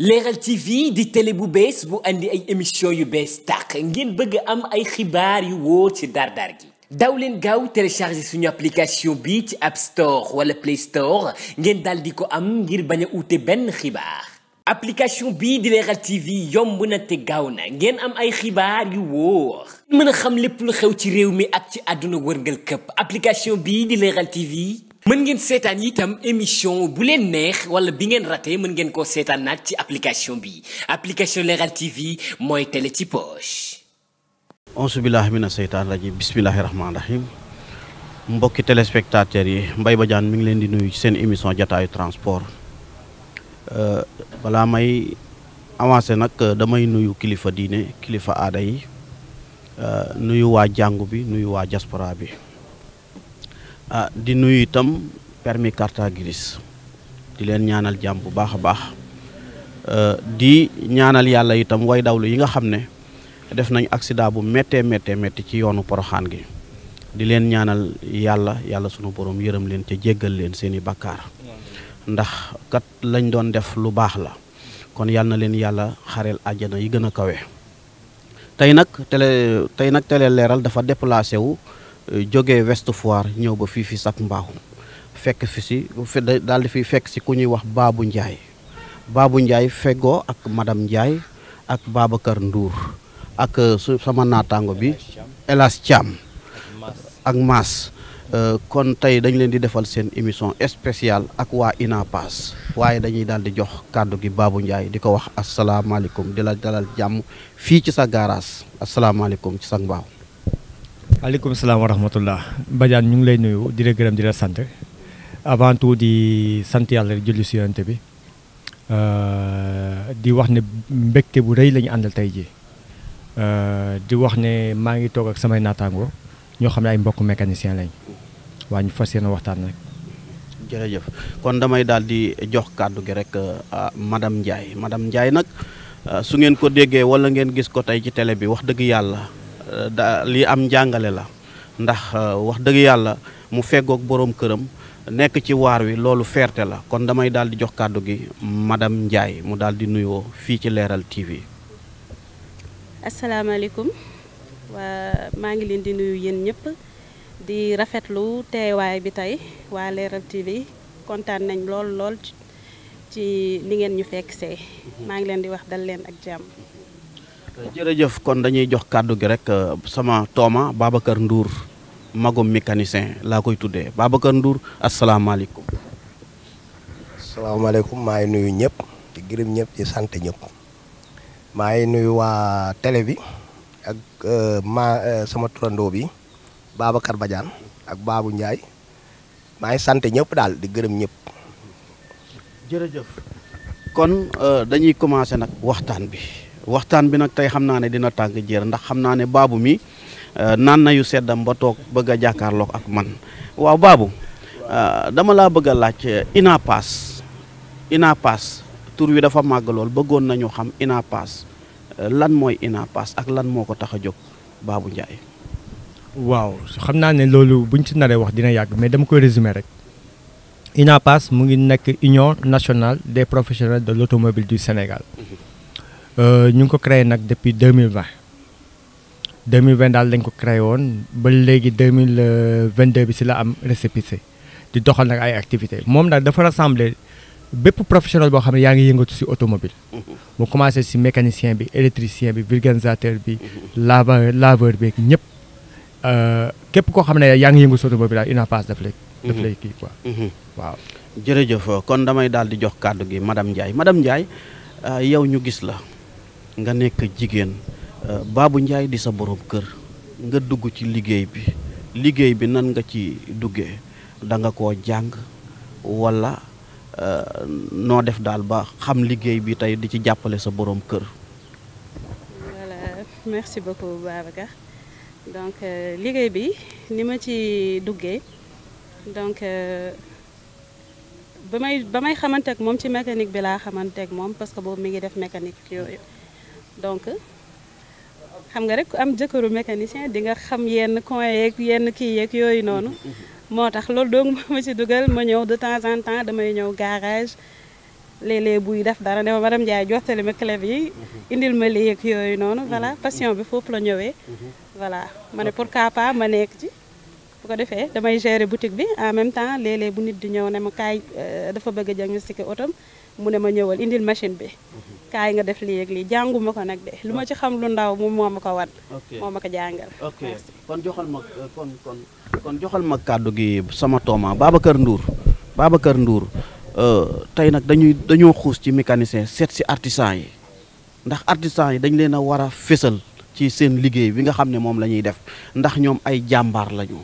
leeral tv di télé bu bees bu indi ay émission yu bees tàq ngeen bëgg am ay xibaar yu wóor ci dar-dar gi daw leen gaaw télécharger suñu application bi ci app store wala play store ngeen daal di ko am ngir bañ ute benn xibaar application bii di leeral tv yomb na te gaaw na ngeen am ay xibaar yu wóor mën a xam lépp lu xew ci réew mi ak ci àdduna wërngal këpp application bi di leeral tv mën ngeen seetaan itam émission bu leen neex wala bi ngeen raté mën ngeen koo seetaanaat ci application bi application Leral TV mooy tele ci poche. auzu billaahi mina seytaan rajiim bismillaahi rahmaani rahiim mbokki téléspectateurs yi mbay Mbaye Badiane mi ngi leen di nuyu ci seen émission jataayu transport balaa may avancé nag damay nuyu kilifa diine kilifa aada yi nuyu waa jàngu bi nuyu waa diaspora bi. ah di nuyu itam permis carte grise di leen ñaanal jàmm bu baax a baax ah, di ñaanal yàlla itam way dawlu yi nga xam ne def nañ accident bu méttee méttee métti ci yoonu poroxaan gi di leen ñaanal yàlla yàlla sunu borom yërëm leen ca jéggal leen seen i bakkaar ndax kat lañ doon def lu baax la kon yàlla leen yàlla xareel àjjana yi gën a kawe. tey nag télé tey nag télé leeral dafa déplacé wu jóge West Foire ñëw ba fii fi Sac Mbaaw fekk fi si daal di fi fekk si ku ñuy wax baabu Ndiaye baabu Ndiaye feggoo ak madam Ndiaye ak Babacar nduur ak euh, su sama naataango bi Elas Thiam ak Maas euh, kon tey dañ leen di defal seen émission spéciale ak waa INAPAS waaye dañuy daal di jox kàddu gi baabu Ndiaye di ko wax asalaamaaleykum di la dalal jàmm fii ci sa garage asalaamaaleykum ci sa mbaaw aleykum salaam wa rahmatullah Badiane ñu ngi lay nuyu di la gërëm di sant avant tout di sant yàlla julli si yonent bi euh, di wax ne mbégte bu rëy lañu ñu àndal tey ji euh, di wax ne maa ngi toog ak samay naataango ñoo xam ne ay mbokk mécanicien lañ waa ñu fas yéene waxtaan rek. jërëjëf kon damay daal di jox kàddu gi rek euh, madame Ndiaye madame Ndiaye nag su ngeen ko déggee wala ngeen gis ko tey ci tele bi wax dëgg yàlla. Euh, da li am njàngale la ndax euh, wax dëgg yàlla mu fegook boroom këram nekk ci waar wi loolu feerte la kon damay daal di jox kàddu gi madame njaay mu daal di nuyoo fii ci Leral TV. asalaamaaleykum waa maa ngi leen di nuyu yéen ñëpp di rafetlu teewaay bi tey waa Leral TV kontaan nañ lool lool ci ni ngeen ñu fekk see mhm. maa ngi leen di wax dal leen ak jàmm. jërëjëf kon dañuy jox kàddu gi rek euh, sama tooma Babacar nduur magum mécanicien laa koy tuddee Babacar nduur asalaamaaleykum. asalaamaaleykum maa ngi nuyu ñëpp di gërëm ñëpp di sant ñëpp maa ngi nuyu waa télé bi ak euh, ma euh, sama turandoo bi Babacar Badiane ak Babou Ndiaye maa ngi sant ñëpp daal di gërëm ñëpp. jërëjëf kon dañuy commencé nag waxtaan bi. waxtaan bi nag tey xam naa ne dina tàng jër ndax xam naa ne baabu mi euh, naan na yu seddam ba toog bëgg a jàkkaarloog ak man waaw baabu euh, dama laa bëgg a laaj euh, INAPAS INAPAS tur wi dafa màgg lool bëggoon nañu xam INAPAS lan mooy INAPAS ak lan moo ko tax a jóg baabu Ndiaye. waaw xam naa ne loolu bu buñ ci naree wax dina yàgg mais dama koy résumer rek. INAPAS mu ngi nekk Union nationale des professionnels de l'automobile du Sénégal. Mhm. Euh, ñu ngi ko créé nag depuis 2020 2020 daal lañ ko créé woon ba léegi 2022 euh, bi si la am récépissé di doxal nag ay activités moom nag dafa rassembler bépp professionnel boo xam ne yaa ngi yëngatu si automobile mu commencé si mécanicien bi électricien bi vulcanisateur bi laveur laveur bi ñëpp euh, képp koo xam ne yaa ngi yëngu si automobile daal UNAPAS daf lay daf lay kii quoi waaw jërëjëf kon damay daal di jox kàddu gi madame Ndiaye madame Ndiaye yow ñu gis la nga nekk jigéen euh, Babou njaay di sa boroom kër nga dugg ci liggéey bi liggéey bi nan nga ci duggee da nga koo jàng wala euh, noo def daal ba xam liggéey bi tey di ci jàppale sa boroom kër. merci beaucoup Babacar donc euh, liggéey bi ni ma ci duggee donc ba may ba may xamante ak moom ci mécanique bi laa xamanteek ak moom parce que boobu mi ngi def mécanique yooyu. donc xam nga rek am jëkkëru mécanicien di nga xam yenn coin yeeg yenn kii yeeg yooyu noonu moo tax loolu donc ma ci dugal ma ñëw de temps en temps damay ñëw garage léeg-léeg buy def dara ne ma madame Ndiaye jottali ma clé yi indil ma léeg yooyu noonu voilà mhm. passion bi foofu la ñëwee mhm. voilà ma ne pourquoi pas ma nekk ci bu ko defee damay gérer boutique bi en même temps léeg bu nit di ñëw ne ma kaay euh, dafa bëgg a diagnostiquer otom mu ne ma ñëwal indil machine bi kaay nga def lii ak lii jàngu ko nag de lu ma ci xam lu ndaw moom moo ma ko wan moo ma jàngal kon joxal ma kon kon joxal ma kàddu gi sama tooma Babacar Ndour Babacar Ndour euh, tey nag dañuy dañoo xuus ci mécanicien seet si artisan yi ndax artisan yi dañ leen a war a fésal ci seen liggéey bi nga xam ne moom la ñuy def ndax ñoom ay jàmbaar lañu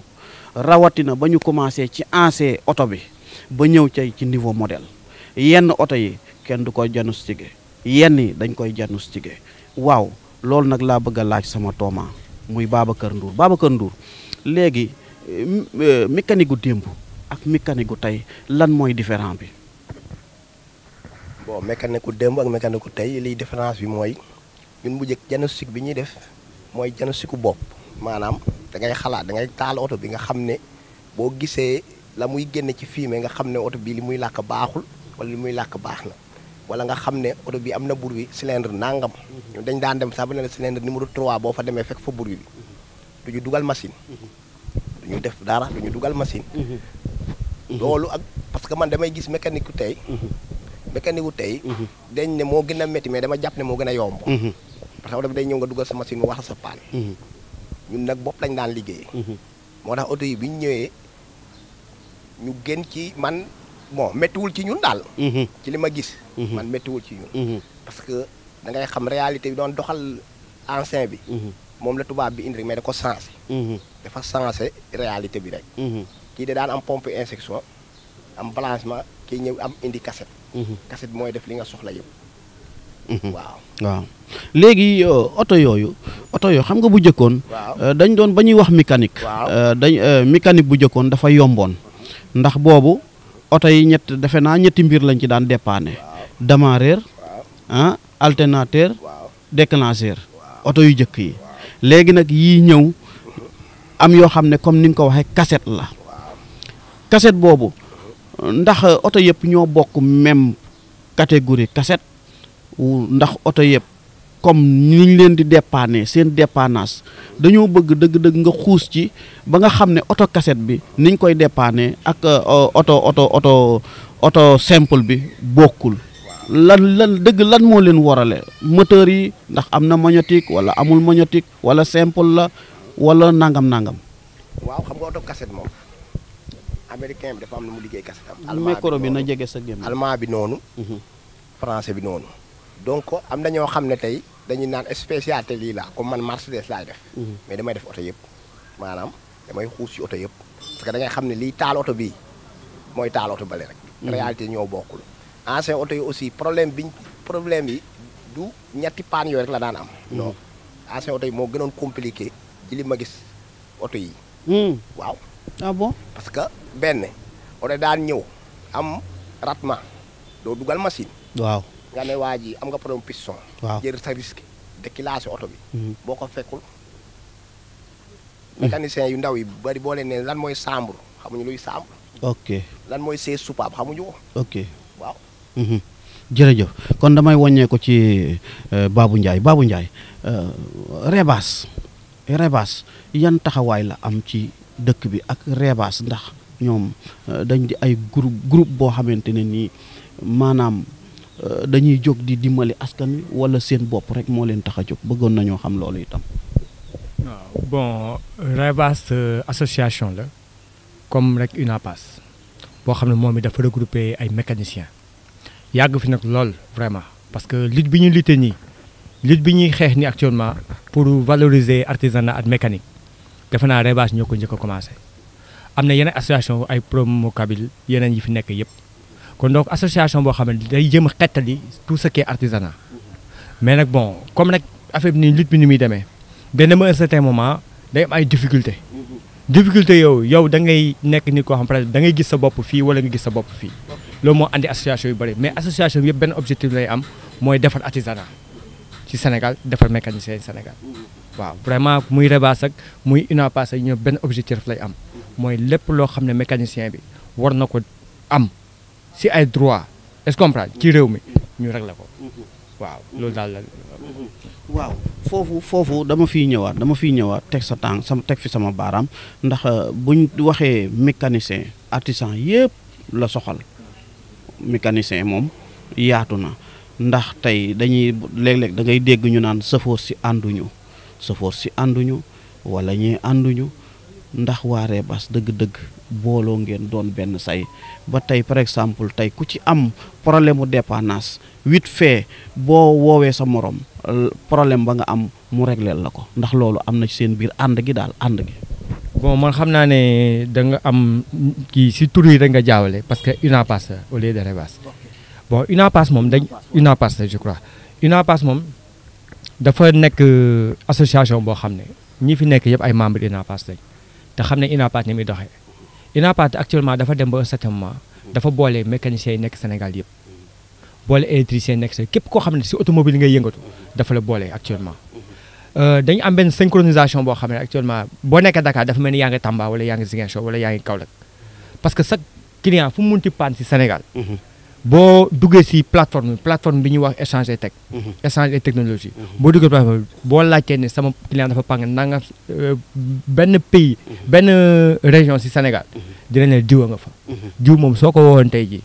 rawatina ba ñu commencé ci ancien oto bi ba ñëw cay ci niveau modèle yenn oto yi kenn du koy diagnostiqué yenn yi dañ koy diagnostiqué waaw loolu nag laa bëgg a laaj sama tooma muy Babacar Ndour Babacar Ndour léegi eh, eh, mécanique gu démb ak mécanique gu tey lan mooy différent bi. bon mécanique gu démb ak mécanique gu tey liy différence bi mooy ñun bu njëkk diagnostic bi ñuy def mooy diagnostic gu bopp. maanaam da ngay xalaat da ngay taal oto bi nga xam ne boo gisee la muy génne ci fumier nga xam ne oto bi li muy làkk baaxul wala li muy làkk baax na wala nga xam ne oto bi am na bruit cylindre nangam ñu mhm. dañ daan dem sax ba ne la cylindre boo fa demee fekk fa bruit bi mhm. du ñu dugal machine mhm. ñu def dara du ñu dugal machine loolu ak parce que man damay gis mécanique ku tey mécanique wu tey dañ ne moo gën a métti mais dama jàpp ne moo gën a yomb parce que oto bi day ñëw nga dugal sa machine mu wax sa paan ñun nag bopp lañ daan liggéey mhm. moo tax auto yi bi ñu ñëwee ñu gën ci man bon méttiwul ci ñun daal mhm. ci li ma gis mhm. man méttiwul ci ñun parce que da ngay xam réalité bi doon doxal ancien bi moom la tubaab bi indi rek mais da ko sensé dafa sance réalité bi rek kii de daan am pompe insection am balancement kii ñëw am indi cassette cassette bi mooy def li nga soxla yëpp Mhm. waaw waaw léegi euh, oto yooyu oto yooyu xam nga bu jëkkoon euh, dañ doon ba ñuy wax mécanique euh, dañ mécanique bu jëkkoon dafa yomboon ndax boobu oto yi ñett defe naa ñetti mbir lañ ci daan dépanne démarreur ah alternateur déclencheur oto yu jëkk yi léegi nag yii ñëw am yoo xam ne comme ni nga ko waxee cassette la cassette boobu ndax oto yëpp ñoo bokk même catégorie cassette ndax oto yëpp comme niñ leen di dépanner seen dépannage dañoo bëgg dëgg-dëgg nga xuus ci ba nga xam ne oto cassette bi niñ koy dépanner ak euh, oto oto oto oto simple bi bokkul lan lan dëgg lan moo leen warale moteur yi ndax am na magnétique wala amul magnétique wala simple la wala nangam nangam. waaw xam nga oto cassette moom américain bi dafa am na mu liggéey cassette am. almaa bi micro na jege sa gémmiñ. almaa bi noonu. Mhm. français bi noonu. donc am na ñoo xam ne tey dañuy naan spécialité lii laa comme man Mercedes laay def. Mhm. mais damay def oto yëpp maanaam damay xuus ci oto yëpp parce que da xam ne lii taal oto bii mooy taal oto bale rek. Mhm. réalité ñoo bokkul. ancien oto yi aussi problème biñ problème yi du ñetti paan yooyu la daan am. Mhm. non ancien oto yi moo gënoon compliqué ci li ma gis oto yi. waaw. ah parce que benn oto daan ñëw am ratement doo dugal machine. waaw. nga ne waa ji am nga problème piston. waaw jël sa risque déclassé oto bi. Mm-hmm. boo ko fekkul. yu ndaw yi bari boo leen ne lan mooy chambre xamuñu luy chambre. ok lan mooy see soupape xamuñu ko. ok waaw. Mm-hmm. jërëjëf kon damay wàññee ci euh, Babou njaay baabu Ndiaye euh, reebaas reebaas yan taxawaay la am ci dëkk bi ak reebaas ndax ñoom euh, dañ di ay groupe groupe boo xamante ne nii maanaam. Euh, dañuy jóg di dimbali askan wi wala seen bopp rek moo leen tax a jóg bëggoon nañoo xam loolu itam. waaw bon Revas euh, association la comme rek UNAPAS boo xam ne moom it dafa regroupé ay mécaniciens yàgg fi nag lool vraiment parce que lutte bi ñu lutte nii lutte bi ñuy xeex nii actuellement pour valoriser na ak mécanique defe naa Revas ñoo ko njëkk a commencé am na yeneen association ay promocabil yeneen yi fi nekk yëpp. kon donc association boo xam ne day jëm a xettali tout ce qui est artisanat mais nag bon comme nag affaire bi nii lutte bi ni muy demee benn ma un certain moment day am ay difficulté difficulté yow yow da ngay nekk nii koo xam par exemple da ngay gis sa bopp fii wala nga gis sa bopp fii loolu moo andi association yu bëri mais association yëpp benn objectif lay am mooy defar artisanat ci Sénégal defar mécanicien Sénégal waaw vraiment muy Rebaas ak muy UNAPAS ak ñoom benn objectif lay am mooy lépp loo xam ne mécanicien bi war na ko am si ay droit est-ce ci réew mi ñu réglé ko mm-hmm. waaw loolu daal mm-hmm. foofu foofu dama fiy ñëwaat dama fiy ñëwaat teg sa tànk sama teg fi sama baaraam ndax euh, buñ waxee mécanicien artisan yëpp la soxal mécanicien moom yaatu na ndax tey dañuy léeg-léeg da ngay dégg ñu naan safoor si ànduñu safoor si ànduñu wala ñii ànduñu. ndax waa Reebaas dëgg-dëgg booloo ngeen doon benn say ba tey par exemple tey ku ci am problème mu dépendance vite fait boo woowee sa morom problème ba nga am mu régleel la ko ndax loolu am na ci seen biir ànd gi daal ànd gi. bon man xam naa ne da nga am kii si tur yi nga jaawale parce que UNAPAS au lieu de Reebaas bon UNAPAS moom dañ UNAPAS je crois UNAPAS moom dafa nekk euh, association boo xam ne ñi fi nekk yëpp ay membres UNAPAS lañ. te xam ne UNAPAD ni muy doxee UNAPAD actuellement dafa dem ba un certain dafa boole mécaniciens yi nekk Sénégal yëpp boole électricien nekk Sénégal képp koo xam ne si automobile ngay yëngatu dafa la boole actuellement euh, dañu am benn synchronisation boo xam ne actuellement boo nekkee Dakar dafa mel ni yaa ngi Tamba wala yaa ngi Ziguinchor wala yaa ngi Kaolack parce que chaque client fu mu munti paan si Sénégal mhm. boo duggee si plateforme bi plateforme bi ñuy wax échange et tech. Mhm. échange et technologie. Mhm. boo duggee plateforme boo laajtee ne sama client dafa pàng nanga euh, benn pays. Mhm. benn région si Sénégal. dina ne jiw a nga fa. jiw moom ko woowoon tey jii.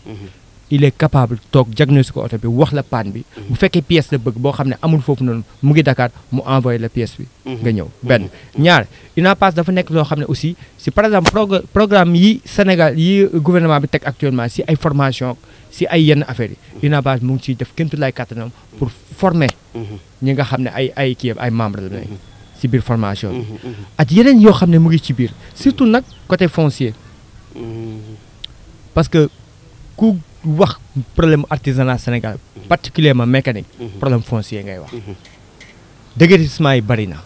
il est capable toog diagnostic oto bi wax la panne bi mhm. bu fekkee pièce la bëgg boo xam ne amul foofu noonu mu ngi Dakar mu envoyé la pièce bi mhm. nga ñëw mhm. benn ñaar UNAPAS dafa nekk loo xam ne aussi si par exemple programme yi Sénégal yi gouvernement bi teg actuellement si ay formation si ay yenn affaires yi UNAPAS mu nga xam ci biir formation bi ak yeneen yoo xam nag côté foncier ku wax problème artisanat Sénégal mhm. particulièrement mécanique mhm. problème foncier ngay wax mhm. déguerpissement yi bari na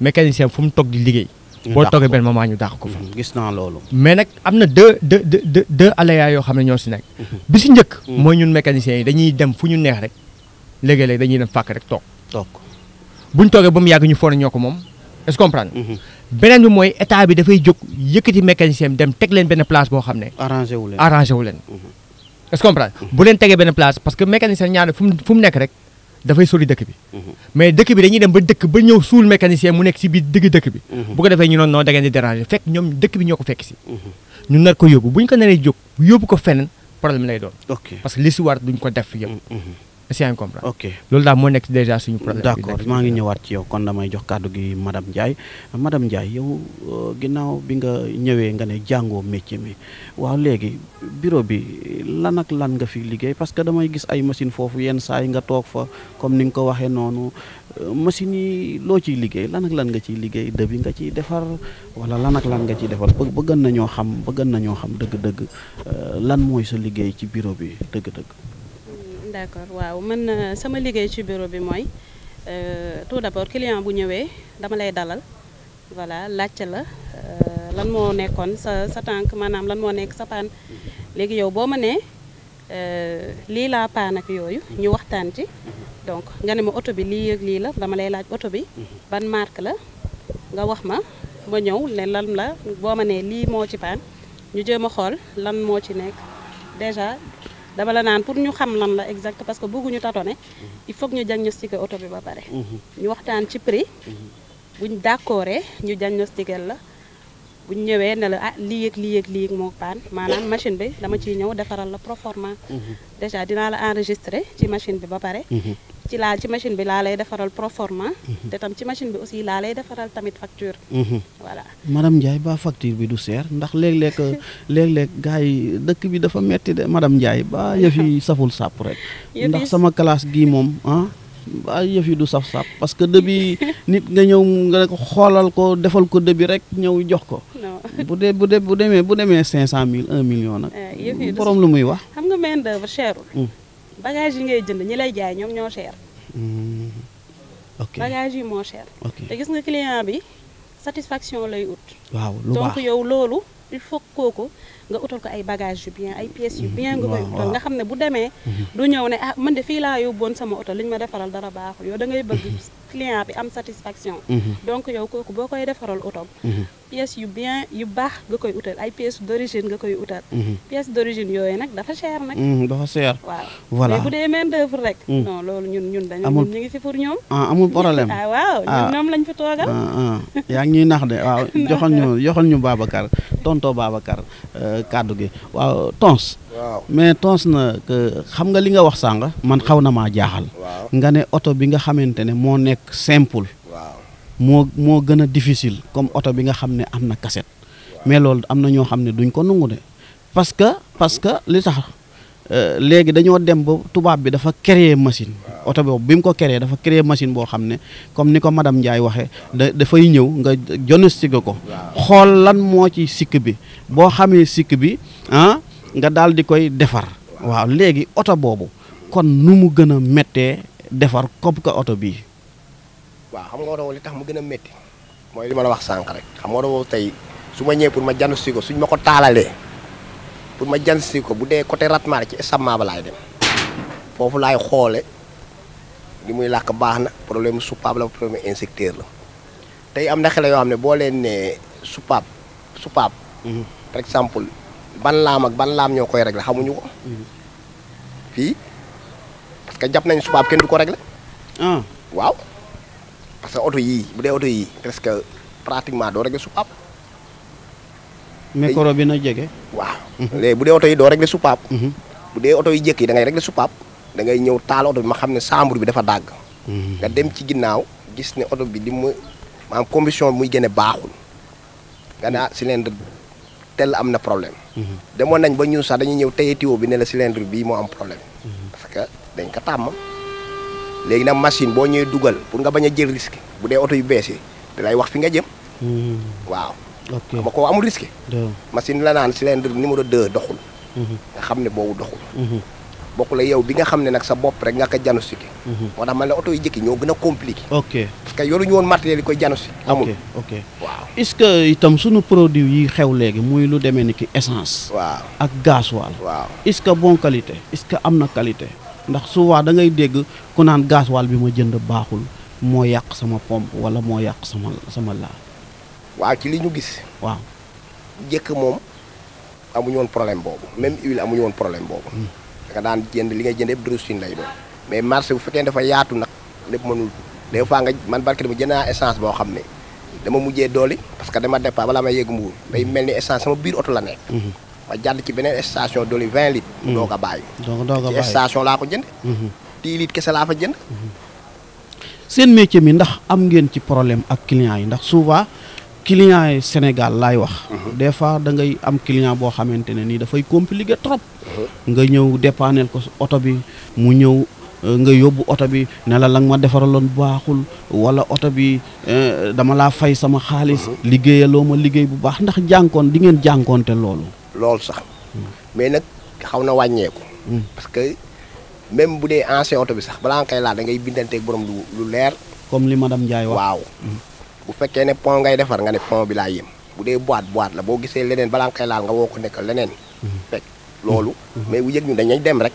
mécanicien fu mu toog di liggéey boo toogee benn moment ñu daax ko fa gis naa loolu mais nag am na deux deux deux deux aléas yoo xam ne ñoo si nekk bi si njëkk mooy ñun mécaniciens yi dañuy dem fu ñu neex rek léegi-léeg dañuy dem fàkk rek toog toog buñ toogee ba mu yàgg ñu foog ñoo ko moom est-ce comprendre mhm. beneen bi mooy état bi dafay jóg yëkkati mécanicien bi dem teg leen benn place boo xam ne. arrangé wu leen arrangé mhm. est-ce comprendre mhm. bu leen tegee parce que mécanicien ñaar fu nekk rek dafay sori dëkk bi. mais dëkk bi dañuy dem ba dëkk ba ñëw fekk ñoom dëkk bi ñoo ko fekk si. ñu nar ko yóbbu bu ñu ko naree jóg yóbbu ko feneen problème lay doon. parce que li si war duñ ko def yëpp. est-ce que ok loolu daal moo nekk déjà suñu problème. d'accord maa ngi ñëwaat ci yow kon damay jox kàddu gi madame Ndiaye madame Ndiaye yow euh, ginnaaw bi nga ñëwee nga ne jàngoo métier mi waaw léegi bureau bi lan ak lan nga fi liggéey parce que damay gis ay machine foofu yenn saa yi nga toog fa comme ni nga ko waxee noonu euh, machines yi loo ciy liggéey lan ak lan nga ciy liggéey dëbi nga ciy defar wala lan ak lan nga ciy defar bëgg nañoo xam bëgg nañoo xam dëgg-dëgg euh, lan mooy sa liggéey ci bureau bi dëgg d' accord waaw man euh, sama liggéey ci bureau bi mooy euh, tout d' abord client bu ñëwee dama lay dalal voilà laajte la euh, lan moo nekkoon sa sa tànk maanaam lan moo nekk sa paan léegi yow boo ma nee lii laa paan ak yooyu ñu waxtaan ci donc nga ne ma oto bi lii lii la dama lay laaj oto bi ban marque la nga wax ma ma ñëw lan la boo ma nee lii moo ci paan ñu jéem a xool lan moo ci nekk déjà dama la naan pour ñu xam lan la exact parce que bëgguñu tâtonner mhm. il faut que ñu diagnostiquer oto bi ba pare. Mhm. ñu waxtaan ci prix. Mhm. buñ d'accord ñu diagnostiquer la buñ ñëwee ne la ah lii ak lii ak lii moo paan maanaam machine bi dama ciy ñëw defaral la proforma. déjà dinaa la enregistrer ci machine bi ba pare. ci laa ci machine bi laa lay defaral proforma mhm. te tam ci machine bi aussi laa lay defaral tamit facture mhm. voilà madame Ndiaye ba facture bi du seer ndax léeg-léeg léeg-léeg gars yi dëkk bi dafa metti de madame Ndiaye ba yëf yi saful sàpp rek ndax sama classe gi moom ah ba du saf sàpp parce que débit nit nga ñëw nga ko xoolal ko defal ko débit rek ñëw jox ko bu dee bu dee bu demee bu demee cinq cent mille un million nag eh, borom lu muy wax bagage yi ngay jënd ñi lay jaay ñoom ñoo cher. Mm-hmm. bagage yi moo cher. te gis nga client bi satisfaction lay ut. waaw lu donc yow loolu il faut kooku nga utal ko ay bagages yu bien ay pièces yu bien. nga koy mm-hmm. utal nga xam ne bu demee. Mm-hmm. du ñëw ne ah man de fii laa yóbboon sama oto li ñu ma defaral dara baaxul yow da ngay bëgg client bi am satisfaction. donc yow kooku boo koy defaral oto. pièces yu bien yu baax nga koy utal ay pièces d'origine nga koy utal. Mhm. pièces d'origine yooyu nag dafa cher nag. Mhm, dafa cher. waaw voilà bu dee main d'œuvre rek. Mhm. loolu ñun ñun dañu ñun ñu ngi fi pour ñoom. ah amul problème ah waaw ah. Ah, ah. yaa ngi ñuy nax de waaw joxoon ñu joxoon ñu Babacar tonto Babacar euh, kàddu gi waaw tons. mais tons na xam nga li nga wax sànq. man xaw na maa jaaxal. nga ne oto bi nga xamante ne moo nekk simple. moo moo gën a difficile comme oto bi nga xam ne am na cassette mais loolu am na ñoo xam ne duñ ko nangu de parce que parce que li tax euh, léegi dañoo dem ba tubaab bi dafa créer machine oto boobu bi mu ko créer dafa créer machine boo xam ne comme ni ko madame Ndiaye waxe dafay ñëw nga diagnostiqué ko xool lan moo ci sikk bi boo xamee sikk bi ah nga daal di koy defar waaw léegi oto boobu kon nu mu gën a méttee defar comme ko oto bii waaw xam nga oto li tax mu gën a métti mooy li ma la wax sànq rek xam nga oto tey su ma ñëwee pour ma jànn si ko suñ ma ko taalalee pour ma jànn si ko bu dee côté Ratmar ci estomac ba laay dem foofu laay xoole li muy làkk baax na problème soupape la problème insecteur la tey am na xale yoo xam ne boo leen nee soupape soupape. Mhm. par exemple ban laam ak ban laam ñoo koy réglé xamuñu ko. Mhm. fii parce que jàpp nañ soupape kenn du ko réglé. Ah. waaw. parce que oto yii bu dee oto yii presque pratiquement doo régler soupape. micro bi na jege. waaw mhm. léegi bu dee oto yi doo régler soupape. Mhm. bu dee oto yi jëkk yi da ngay régler soupape da ngay ñëw taal oto bi ma xam ne chambre bi dafa dàgg. Mhm. nga dem ci ginnaaw gis ne oto bi di mu ma combustion bi muy gën baaxul. nga ne ah cylindre tel am na problème. dem demoon nañ ba ñun sax dañuy ñëw teye tuyau bi ne la cylindre bii moo am problème. parce que dañ ko tàmm. léegi nag machine boo ñëwee dugal pour nga bañ a jël risque bu dee oto yu bees yi lay wax fi nga jëm. Hmm. waaw. ok ma koo amul risque. machine la naan cylindre numéro 2 doxul. Hmm. nga xam ne boobu doxul. Hmm. bokk a yow bi nga xam ne nag sa bopp rek nga ko diagnostiqué. moo na man la oto yu jëkki ñoo gën a compliqué. ok parce que yoruñu woon matériel yi koy diagnostiqué. amul ok waaw. est-ce que itam sunu produit yi xew léegi muy lu demee ni ki essence. waaw ak gasoil. waa est-ce que bon qualité. est-ce que am na qualité. ndax souvent da ngay dégg ku naan gasoil bi ma jënd baaxul moo yàq sama pompe wala moo yàq sama sama laa. waaw ci li ñu gis. waaw jëkk moom amuñu woon problème boobu même huile amuñu woon problème boobu. da hmm. nga daan jënd li nga jënd yëpp drosine lay doon. mais marché bu fekkee dafa yaatu nag lépp mënul des fois nga man barke dama jënd naa essence boo xam ne dama mujjee dooli parce que dama départ balaa may yegg mbuur may mel ni essence sama biir oto la nekk. Hmm. ma jàdd ci beneen station doli 20 litres. Mm. doo ko bàyyi. doo doo ko bàyyi ci station laa ko jënd. 10 mm-hmm. litres kese laa fa jënd. Mm-hmm. seen métier mi ndax am ngeen ci problème ak client yi ndax souvent client yi Sénégal laay wax. Mm-hmm. des fois da ngay am client boo xamante ne nii dafay compliqué trop. nga ñëw dépanner ko oto bi mu ñëw. Euh, nga yóbbu oto bi ne la lang ma defaraloon baaxul wala oto bi euh, dama laa fay sama xaalis liggéeyaloo ma liggéey bu baax ndax jànkoon di ngeen jànkoonte loolu lool sax mais nag xaw na wàññeeku hmm. parce que même bu dee ancien oto bi sax balaa nga koy laal da ngay bindanteeg borom lu lu leer comme li madame Ndiaye wax waaw hmm. bu fekkee ne pont ngay defar nga ne pont bi laa yem bu dee boîte boîte la boo gisee leneen balaa nga koy laal nga woo ko nekk leneen hmm. fekk loolu mais bu yëg ñu dañuy dem rek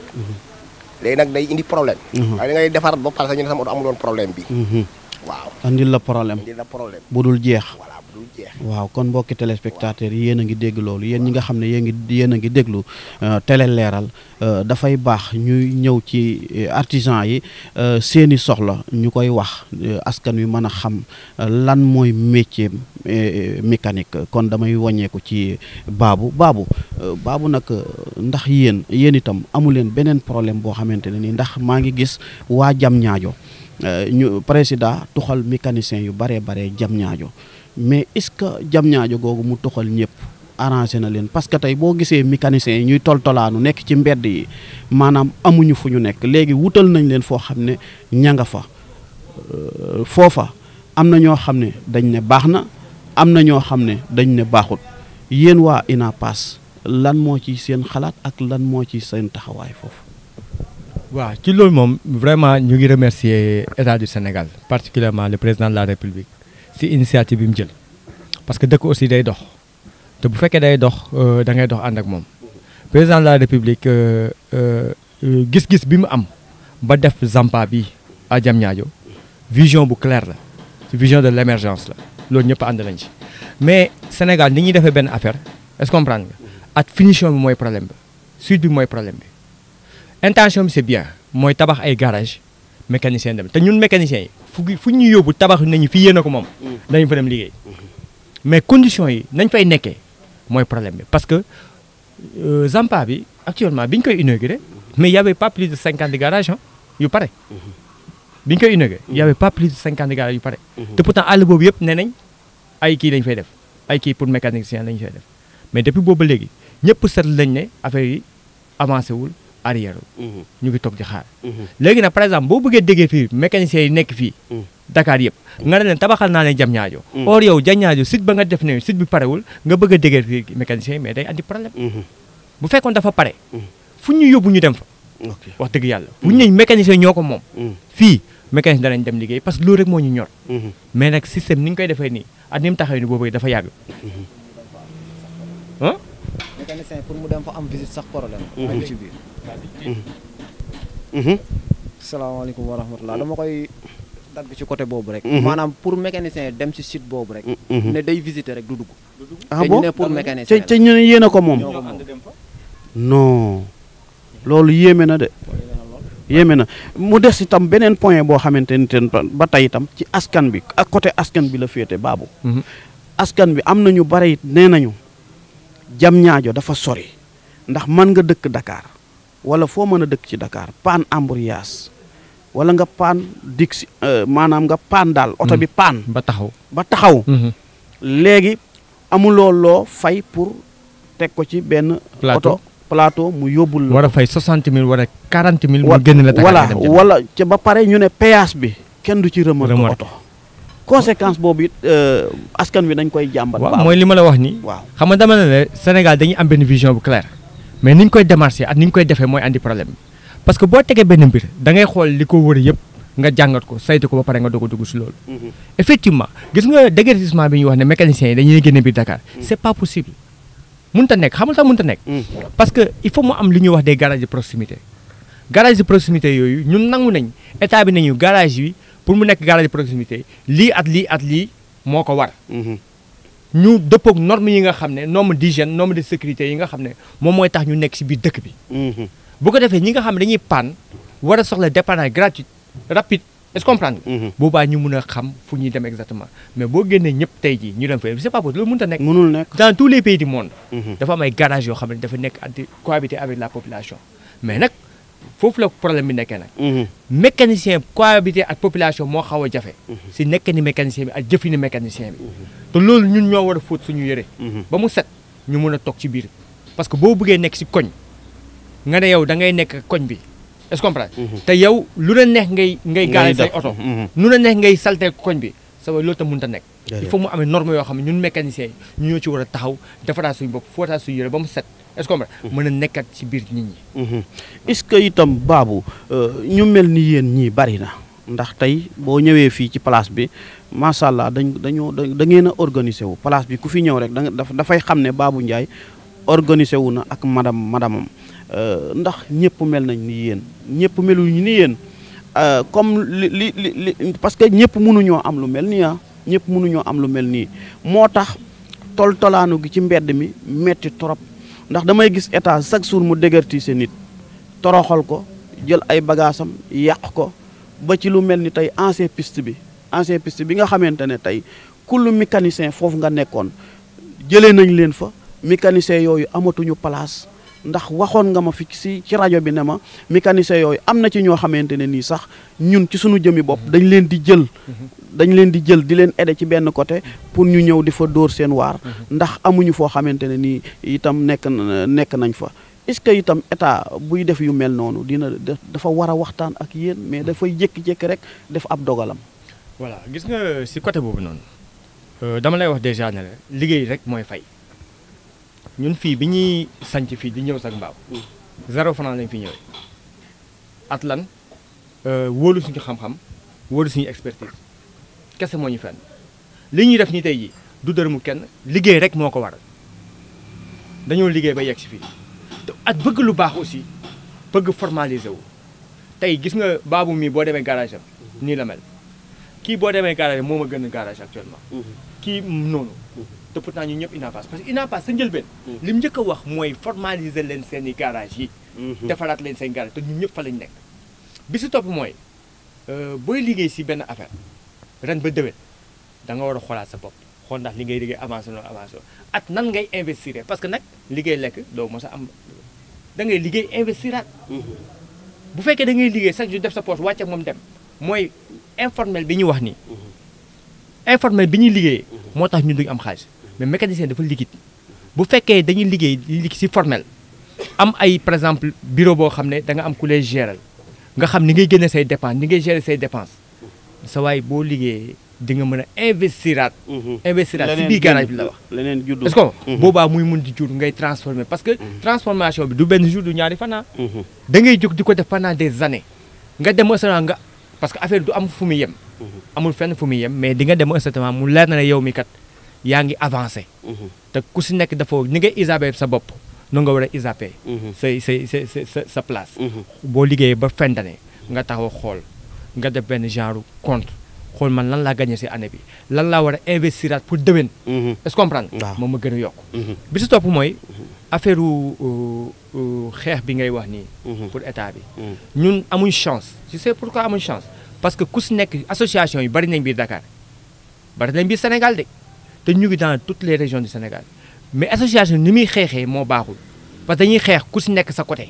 léegi nag day indi problème waaye da ngay defar ba pare sax ñu ne sama oto amuloon problème bi waaw andil la problème waaw kon mbokki téléspectateur yi yéen a ngi dégg loolu yéen ñi nga xam ne yéen ngi yéen a ngi déglu euh, télé leeral euh, dafay baax ñuy ñëw ci euh, artisan yi seeni soxla ñu koy wax askan wi mën a xam lan mooy métier mécanique kon damay wàññeeku ci baabu baabu baabu nag ndax yéen yéen itam amu leen beneen problème boo xamante ne ni ndax maa ngi gis waa jam ñaajo Euh, ñu président tuxal mécanicien yu baree baree jam ñaajo mais est-ce que jam ñaajo googu mu tuxal ñëpp arrangé na leen parce que tey boo gisee mécanicien yi ñuy tolaanu nekk ci mbedd yi maanaam amuñu fu ñu nekk léegi wutal nañ leen foo xam ne ñanga fa euh, foofa am na ñoo xam ne dañ ne baax na am na ñoo xam ne dañ ne baaxut yéen waa inaa INAPAS lan moo ci seen xalaat ak lan moo ci seen taxawaay foofu waaw ci loolu moom vraiment ñu ngi remercier état du Sénégal particulièrement le président de la République si initiative bi mu jël parce que dëkk aussi day dox te bu fekkee day dox euh, da ngay dox ànd ak moom président de la République euh, euh, gis-gis bi mu am ba def Zampa bi à Diamniadio vision bu claire la vision de l'émergence la loolu ñëpp ànd lañ ci mais Sénégal ni ñuy defee benn affaire est-ce ak finition bi mooy problème bi suite mooy problème bi. intention bi c'est bien mooy tabax ay garage mécanicien dem te ñun mécanicien yi fu fu ñu yóbbu tabax nañu fi yéen ko moom mm. dañu fa dem liggéey mais condition yi nañ fay nekkee mooy problème bi parce que euh, Zampa bi actuellement bi ñu koy inauguré mais y avait pas plus de cinquante garages yu pare mm-hmm. bi koy inauguré y avait pas yu pare mm-hmm. te pourtant àll boobu yëpp nee nañ ay kii lañ fay def ay kii pour mécanicien lañ fay def mais depuis boobu ba léegi ñëpp seetlu nañ ne affaire yi avancé wul arrière mhm. ñu ngi toog di xaar. Mhm. léegi nag par exemple boo bëggee déggee fii mécanicien yi nekk fii. Mhm. Dakar yëpp nga ne leen tabaxal naa leen jam ñaajo. or yow jam ñaajo site ba nga def ne site bi parewul nga bëgg a fii mécanicien yi mais day andi problème. bu fekkoon dafa pare. fu ñu yóbbu ñu dem fa. wax dëgg yàlla bu ñu ne ñoo ko moom. fii mécanicien danañ dem liggéey parce que loolu rek moo ñu ñor. mais nag système ni koy defee nii ak Mm-hmm. Mm-hmm. salaamaaleykum wa rahmatulah dama koy dagg ci côté boobu rek. Mm-hmm. maanaam pour mécanicien dem ci site boobu rek. ne day visiter rek du dugg. ah bon te ñu ne ñu ne yéen ko moom. non loolu yéeme na de. yéeme na mu des itam beneen point boo xamante ni ba tey itam ci askan bi a côté askan bi la féete baabu. askan bi am na ñu bare nee nañu. jam ñaajo dafa sori ndax mën nga dëkk Dakar. wala foo mën a dëkk ci dakaar paan embrayage wala nga paan diksi euh, maanaam nga paan daal oto bi mm. paan ba taxaw ba taxaw mm-hmm. léegi amuloo loo fay pour teg ko ci benn oto plateau mu yóbbul la war a fay soixante mille wala quarante mille mu génn la Dakar voilà wala ca ba pare ñu ne péage bi kenn du ci remorque oto conséquence boobu it euh, askan wi dañ koy jàmbat mooy li ma la wax ni waaw xam nga dama ne la Sénégal dañuy am benn vision bu claire mais ni ñu koy démarché at ni ñu koy defee mooy andi problème parce que boo tegee benn mbir da xool li ko wër yëpp nga jàngat ko saytu ko ba pare nga doog a dugg si loolu. Mm-hmm. effectivement gis nga déguerpissement bi ñu wax ne mécaniciens yi dañuy génne biir Dakar. Mm-hmm. c' est pas possible mënut a nekk xamul sax mënut a nekk. Mm. parce que il faut mu am li ñuy wax des garages de proximité. garage de proximité yooyu ñun nangu nañ état bi nañu garage yi pour mu nekk garage de proximité lii at lii at lii moo ko war. Mm-hmm. ñu dëppook norme yi nga xam ne norme d'hygiène norme de sécurité yi nga xam ne moom mooy tax ñu nekk si biir dëkk bi mm-hmm. bu defee ñi nga xam ne dañuy panne war a soxla dépannage gratuit rapide est-ce comprendre mm-hmm. boobaa ñu mun a xam fu ñuy dem exactement mais boo génnee ñëpp tey jii ñu dem fa c'est pas possible loolu mënut a nekk mënul nekk dans tous les pays du monde mm-hmm. dafa am garage yoo xam ne dafa nekk anti cohabiter avec la population mais nag foofu la problème bi nekkee nag. Mhm. mécanicien cohabiter ak population moo xaw a jafe. Mhm. si nekk ni mécanicien bi ak jëfini mécanicien bi. Mhm. te loolu ñun ñoo war a fóot suñu yëre. ba mu set ñu mun a toog ci biir. parce que boo bëggee nekk si koñ nga ne yow da ngay nekk koñ bi est-ce te yow lu la neex ngay. ngay gaale say oto. lu la neex ngay salté koñ bi sa loolu tam mënut a nekk. il faut mu amee norme yoo xam ne ñun mécanicien ñu ñoo ci war a taxaw defaraat suñu bopp fóotaat suñu yëre ba mu set. est-ce que mm-hmm. mën a nekkat ci biir nit ñi. Mm-hmm. est-ce que itam baabu euh, ñu mel ni yéen ñii bari na ndax tey boo ñëwee fii ci place bi macha allah dañ dañoo da ngeen a organiser wu place bi ku fi ñëw rek da dafay xam ne baabu Ndiaye organiser wu na ak madam madamam euh, ndax ñëpp mel nañ ni yéen ñëpp meluñu ni yéen euh, comme li li li parce que ñëpp mënuñoo am lu mel nii ah, ñëpp mënuñoo am lu mel nii moo tax tol tolaanu gi ci mbedd mi metti trop. ndax damay gis état chaque jour mu déguerpisse nit toroxal ko jël ay bagaasam yàq ko ba ci lu mel ni tey ancien piste bi ancien piste bi nga xamante ne tey kullu mécanicien foofu nga nekkoon jëlee nañ leen fa mécanicien yooyu amatuñu place ndax waxoon nga ma fi si ci rajo bi ne ma mécanicien yooyu am na ci ñoo xamante ne nii sax ñun ci suñu jëmi bopp dañ leen di jël mm-hmm. dañ leen di jël di leen aider ci benn côté mm-hmm. pour ñu ñëw di fa dóor seen waar mm-hmm. ndax amuñu foo xamante ne nii itam nekk nekk nañ fa est-ce que itam état buy def yu mel noonu dina dafa war a waxtaan ak yéen mais dafay jékki-jékki rek def ab dogalam voilà gis nga si côté boobu noonu euh, dama lay wax déjà ne liggéey rek mooy fay ñun fii bi ñuy sanc fii di ñëw sax mbaaw zéro franc lañ fi ñëwee at lan euh, wóolu suñu xam-xam wóolu suñu expertise kese moo ñu fenn li ñuy def nii tey ji du dërëmu kenn liggéey rek moo ko waral dañoo liggéey ba yegg si fii te ak bëgg lu baax aussi bëgg formaliser wu tey gis nga baabu mii boo demee garage am nii la mel kii boo demee garage moo ma gën a garage actuellement mhm. kii noonu mhm. te ñu ñëpp INAPAS parce que INAPAS sa njëlbeen mhm. li mu wax mooy formaliser leen seen i garage yi defaraat leen seen garage te ñu ñëpp fa lañ nekk bi si topp mooy euh, booy liggéey si benn affaire ren ba déwén da nga war a xoolaat sa bopp xool ndax li ngay liggéey avancé noonu avancé at nan ngay investir parce que nag liggéey lekk doo mos a am da ngay liggéey investiraat mm-hmm. bu fekkee da ngay liggéey chaque jour def sa poche wàcc moom dem mooy informel bi ñuy wax nii mm-hmm. informel bi ñuy liggéeyee mm-hmm. moo tax ñu duñ am xaalis mais mécanicien dafa liquide bu fekkee dañuy liggéey li si formel am ay par exemple bureau boo xam ne da nga am ku lay géral nga xam ni ngay génne say dépense ni ngay gérer say dépense sa waaye boo liggéeyee di nga mën a investiraat. Mhm. investiraat si biir garage bi la wax. leneen juddu est-ce mhm. boobaa muy mun di jur ngay transformer parce que. Mhm. transformation bi du benn jour du ñaari fanaa. Ah. da ngay jóg di ko def pendant des années. nga dem assurance nga parce que affaire du am fu muy yem. amul fenn fu muy yem mais di nga dem assurance mu leer na ne yow mi kat yaa ngi avancé. te ku si nekk dafa ni nga isaabee sa bopp. nu nga war a isaabee. say say sa sa sa place. boo liggéeyee ba fin d'année nga taxaw xool. nga def benn genre compte xool man lan laa gagné si année bi lan laa war a investiraat pour déwén. Mhm. est-ce comprendre. moom ma gën a yokk. Mhm. bi si topp mooy affaire xeex bi ngay wax nii. Mhm. pour état bi. ñun amuñ chance tu pour pourquoi amuñ chance parce que ku si nekk association yi bari nañ biir Dakar bari nañ biir Sénégal de te ñu ngi dans toutes les régions du Sénégal mais association ni muy xeexee moo baaxul parce que dañuy xeex ku si nekk sa côté.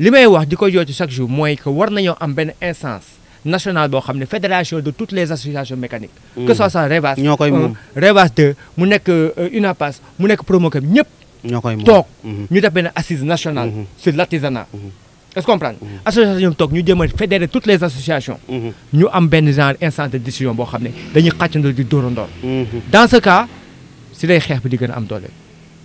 li may wax di ko jooytu chaque jour mooy que war nañoo am benn instance nationale boo xam ne fédération de toutes les associations mécaniques. Mm. que ce soit Revas. ñoo koy moom Revas 2 mu nekk euh, UNAPAS mu nekk Promocab ñëpp. ñoo koy moom toog mm-hmm. ñu def benn assise nationale. Mm-hmm. sur l'artisanat. Mm-hmm. est-ce que comprendre association toog ñu jéem a fédérer toutes les associations. ñu am benn genre instance de décision boo xam ne dañuy xàccandoo di dóorandoor. dans ce cas si lay xeex bi di gën am doole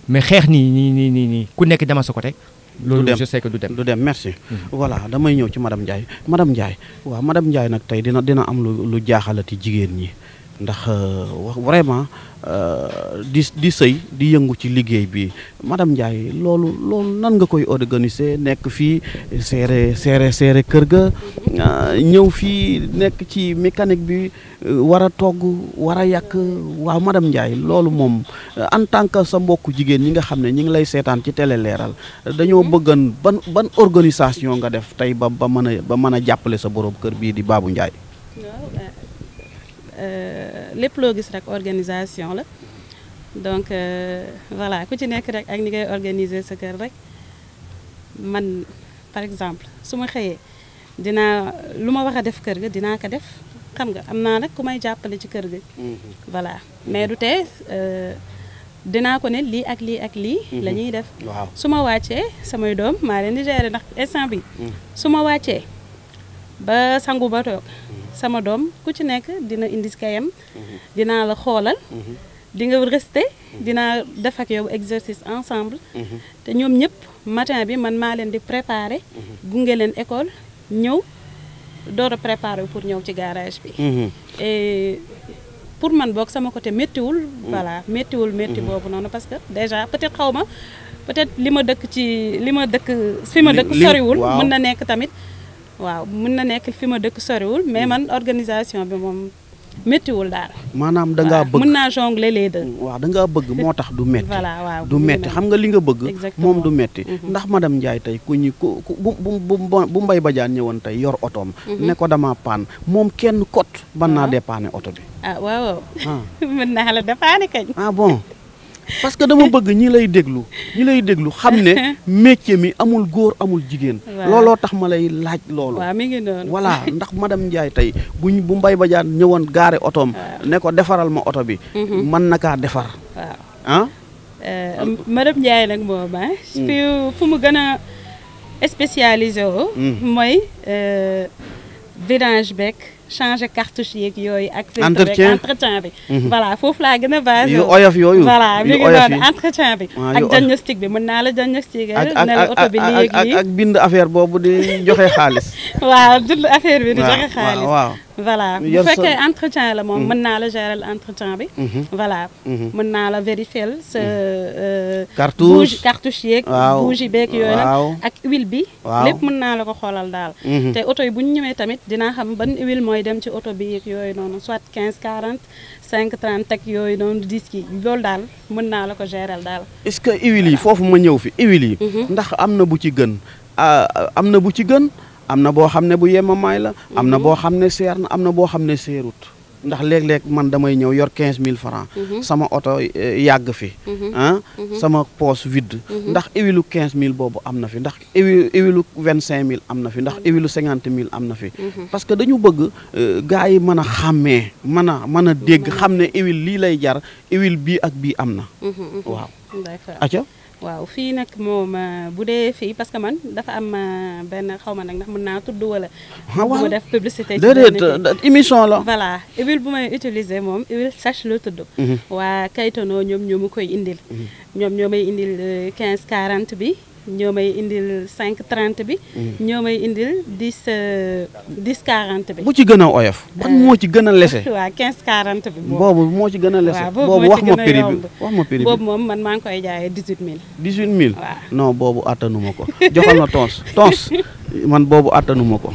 mais xeex nii nii nii nii ku nekk dama sa côté. loolu je sais que du dem du dem merci. Mm-hmm. voilà damay ñëw ci madame Ndiaye madame Ndiaye waaw madame Ndiaye nag tey dina dina am lu lu jaaxalati jigéen ñi. ndax euh, wax vraiment euh, di di sëy di yëngu ci liggéey bi madame Ndiaye loolu loolu nan nga koy organiser nekk fii seere seere seere kër ga euh, ñëw fii nekk ci mécanique bi war a togg war a yàq waaw madame Ndiaye loolu moom en tant que sa mbokku jigéen ñi nga xam ne ñi ngi lay seetaan ci télé leeral dañoo bëggan ban ban organisation nga def tey ba ba mën a ba mën a jàppale sa borom kër bii di baabu Ndiaye Euh, lépp loo gis rek organisation la donc euh, voilà ku ci nekk rek ak ni ngay organiser sa kër rek man par exemple su ma xëyee dinaa lu ma wax a def kër gi dinaa ko def xam nga am naa nag ku may jàppale ci kër gi mm-hmm. voilà mais du tee euh, dinaa ko ne lii ak lii ak lii. Mm-hmm. la ñuy def. waaw su ma wàccee samay doom maa leen di gérer ndax instant bi mm-hmm. su ma wàccee ba sangu ba toog. sama doom ku ci nekk dina indi si kayam mhm. dinaa la xoolal mhm. di nga resté dinaa def ak yow exercice ensemble mhm. te ñoom ñëpp matin bi man maa leen di préparer gunge leen école ñëw door a préparer pour ñëw ci garage bi et pour man boog sama côté méttiwul voilà méttiwul métti boobu noonu parce que déjà peut-être xaw ma peut-être li ma dëkk ci li ma dëkk fi ma dëkk soriwul mën na nekk tamit waaw mën na nekk fi ma dëkk soriwul mais mm. man organisation bi moom méttiwul daal. maanaam da ngaa bëgg mën naa jongler les deux. waaw da ngaa bëgg moo tax du metti du metti xam nga li nga bëgg. moom du metti mm-hmm. ndax ma dam Ndiaye tey ku ñu ku bu bu bu mbay bajaan ñëwoon tey yor otoom. Mm-hmm. ne ko dama paan moom kenn kot. man naa ah. dépanner oto bi. ah waaw ah. mën naa la dépanner kañ. Ah, bon. parce que dama bëgg ñi lay déglu ñi lay déglu xam ne métier mi amul góor amul jigéen. looloo tax ma lay laaj loolu. waaw mi ngi noonu voilà ndax ma madame Ndiaye tey bu ñu bu Mbaye Badiane ñëwoon gaare otoom. ne ko defaral ma oto bi. Mhm. mën na kaa defar. waaw ah. Euh, madame Ndiaye nag moom ah. Mm. fu mu gën a spécialisé woo. Mm. mooy euh, vidange beeg. changer cartouche yeeg yooyu. ak entretien entretien bi. Mhm. voilà foofu laa gën a basé. yu oyof yooyu voilà mi ngi doon entretien bi. ak diagnostic bi mën naa la ak bind affaire boobu di joxe xaalis. waaw bind affaire bi di joxe xaalis voilà bu fekkee la moom mm-hmm. mën naa la gérer entretien bi. Mm-hmm. voilà mm-hmm. mën naa la vérifier sa. Euh, cartouche cartouche yeeg. waaw bougie yooyu nag ak huile bi. waaw lépp mën naa la ko xoolal daal. te oto yi bu ñu ñëwee tamit dinaa xam ban huile mooy dem ci oto bi yeeg yooyu noonu soit 15 quarante cinq 30 tek yooyu noonu 10 kii loolu daal mën naa la ko gérer daal. est-ce que huile yi foofu ma ñëw fi huile yi. ndax am na bu ci gën ah, am na bu ci gën. am na boo xam ne bu yemamaay la. am na mhm. boo xam ne seer na am na boo xam ne seerut. ndax léeg-léeg man damay ñëw yor quinze mille francs mhm. sama oto eh, yàgg fi. Mhm. ah sama poche vide. ndax éwilu quinze mille boobu am na fi ndax éwi éwilu cinq mille am na fi ndax éwilu cinquante mille am na fi. parce que dañu bëgg eh, gars yi mën a xàmmee mën a mën a dégg xam ne éwil lii lay jar éwil bii ak bii am na. waaw. d'accord. waaw fii nag moom euh, bu dee fii parce que man dafa am euh, benn xaw ma nag ndax mën naa tudd wala. Ah, bu ma def publicité ci euh, émission la. voilà huile bu ma utiliser moom huile sèche la tudd. Mhm. waa Kaytano ñoom ñoo koy indil. Mhm. ñoom ñoo may indil quinze quarante bi. ñoo indil cinq 30 bi. ñoo may indil 10 10 40 bi. bu ci gën a oyof. ban euh, moo ci gën a lese. waa 15 40 bi. boobu moo ci gën a lese. boobu wax ma prix bi wax ma prix bi. boobu moom man maa ngi koy jaayee 18000. 18000 waaw no boobu attanu ko joxal ma tons tons. man boobu attanuma ko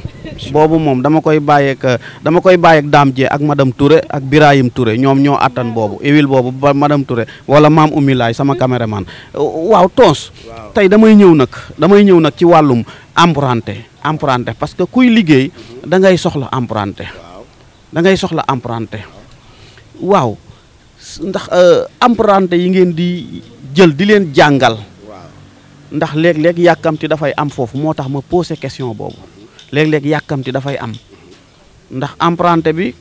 boobu moom dama koy bàyyeek dama koy bàyyeek Dame Dieng ak madame Touré ak Birayim Touré ñoom ñoo attan boobu iwil boobu ba madame Touré wala maam Oumy Laay sama caméraman waaw toos tey damay ñëw nag damay ñëw nag ci wàllum emprunté emprunté parce que kuy liggéey da ngay soxla emprunté da ngay soxla emprunté waaw ndax euh, emprunté yi ngeen di jël di leen jàngal ndax léeg-léeg yàkkamti dafay am foofu moo tax ma posé question boobu léeg-léeg yàkkamti dafay am ndax emprunté bi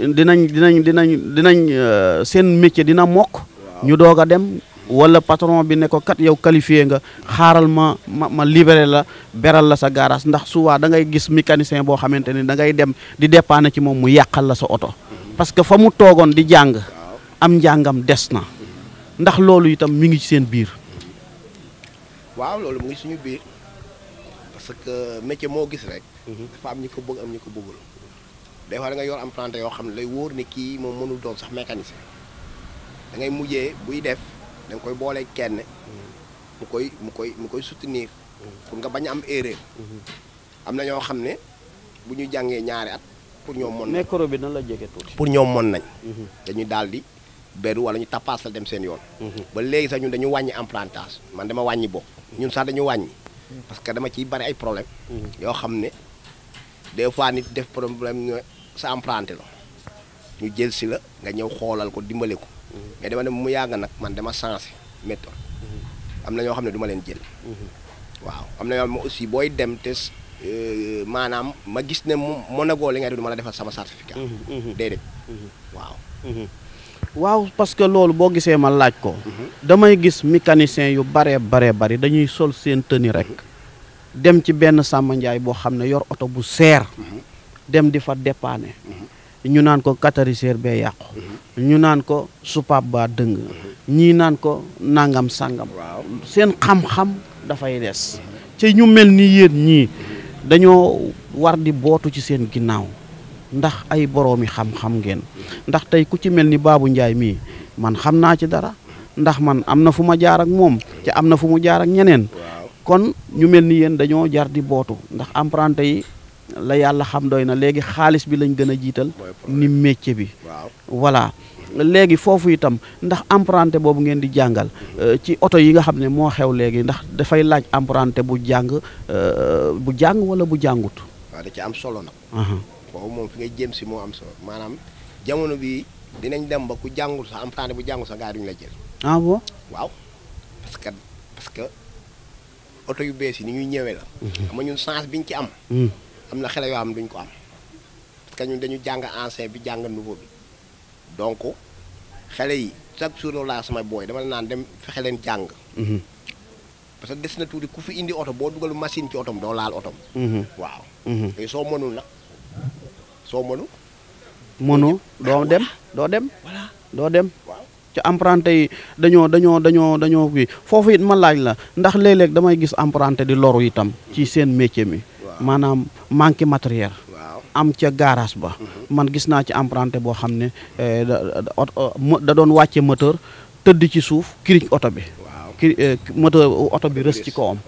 euh, dinañ dinañ dinañ dinañ euh, seen métier dina mokk ñu doog a dem wala patron bi ne ko kat yow qualifié nga xaaral ma ma ma libéré la beral la sa garage ndax souvent da ngay gis mécanicien boo xamante ni da ngay dem di dépanner ci moom mu yàqal la sa oto parce que fa mu toogoon di jàng am njàngam des na ndax loolu itam mi ngi ci seen biir waaw loolu mu ngi suñu biir parce que métier moo gis rek. Mhm. dafa am ñi ko bëgg am ñi ko bëggul. des fois da nga yor am planté yoo xam ne lay wóor ni kii moom mënul doon sax mécanicien da ngay mujjee buy def da koy boolee kenn. Mhm. mu koy mu koy mu koy soutenir. Mhm. pour nga bañ am erreur. am na ñoo xam ne bu ñu jàngee ñaari at. pour ñoom mën nañ micro bi nan la jege tuuti. pour ñoom mën nañ. dañuy daal di. beru wala ñu tapaasal dem seen yoon. Mhm. ba léegi sax ñun dañu wàññi emplantage man dama wàññi bopp ñun sax dañu wàññi. parce que dama ciy bari ay problème mhm. yoo xam ne des fois nit def problème ñoo sa emprunté la ñu jël si la nga ñëw xoolal ko dimbale ko. Mhm. mais dama ne mu yàgg nag man dama sensé méthode. am na ñoo xam ne du leen jël. waaw am na yoo xam ne aussi booy dem te euh, maanaam ma gis ne mu monagoo li nga def du ma la defal sama certificat. déedéet waaw. waaw parce que loolu boo gisee man laaj ko. damay gis mécanicien yu baree baree bari dañuy sol seen tëni rek. dem ci benn sàmm njaay boo xam ne yor oto bu seer. dem di fa dépanner. ñu naan ko cataliseur bee yàqu. ñu naan ko soupape baa dëng. ñii naan ko nangam sangam. seen xam-xam dafay des. ci ñu mel ni yéen ñii dañoo war di bootu ci seen ginnaaw. ndax ay boroomi xam-xam ngeen ndax tey ku ci mel ni baabu njaay mii man xam naa ci dara ndax man am na fu ma jaar ak moom te am na fu mu jaar ak ñeneen kon ñu mel ni yéen dañoo jar di bootu ndax emprunté yi la yàlla xam doy na léegi xaalis bi lañ gën a jiital ni métier bi voilà léegi foofu itam ndax emprunté boobu ngeen di jàngal euh, ci oto yi nga xam ne moo xew léegi ndax dafay laaj emprunté bu jàng euh, bu jàng wala bu jàngut ci am solo nag foofu moom fi ngay jëm si moo am solo maanaam jamono bii dinañ dem ba ku jàngul sax emprunté bu jàngul sax gaa duñu la jël. ah waaw parce que parce que oto yu bees yi ni ñuy ñëwee la. Mhm. xam nga ñun chance biñ ci am. Mm. am na xale yoo xam duñ ko am. parce que ñun dañu jàng ancien bi jàng nouveau bi donc xale yi chaque jour laa sama booy dama naan dem fexe leen jàng. Mhm. parce que des na tuuti ku fi indi oto boo dugal machine ci otom doo laal otom. Mhm. waaw. te soo mënul nag. soo mënu doo dem doo dem doo dem ci emprunté yi dañoo dañoo dañoo dañoo kii foofu it ma laaj la ndax léeg damay gis emprunté di loru itam ci seen métier mi maanaam manqué matériel am ca garage ba mhm. man gis naa ci emprunté boo xam ne eh, eh, da doon wàcce moteur tëdd ci suuf kiriñ oto bi kiri eh, moteur oto bi rës ci kawam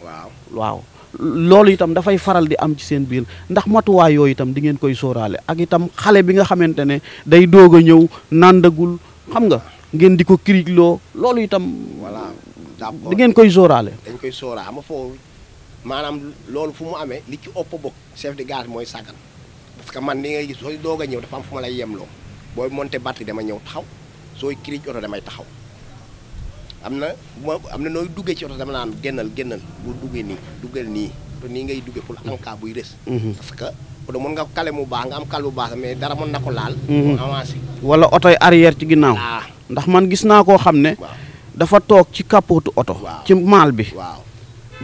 waaw loolu itam dafay faral di am ci seen biir ndax matuwaay yooyu itam di ngeen koy sooraale ak itam xale bi nga xamante ne day doog a ñëw nàndagul xam nga ngeen di ko kirigloo loolu itam. voilà di ngeen koy sóoraale. dañ koy sóoraa ma foofu maanaam loolu fu mu amee li ci ëpp bokk chef de gare mooy sàggan parce que man li ngay gis sooy doog a ñëw dafa am fu ma lay yemloo booy monté batterie dama ñëw taxaw sooy kirij oto damay taxaw. am na moo am na nooy duggee ci oto dama naan génnal génnal bu duggee nii duggal nii nii ngay duggee pour am buy rës mhm. parce que oto mën nga kale mu baax nga am kal bu baax mais dara mën na ko laal mu mhm. wala oto yi arrière ci ginnaaw ah. ndax man gis naa koo xam ne dafa toog ci kapootu oto ci maal bi waaw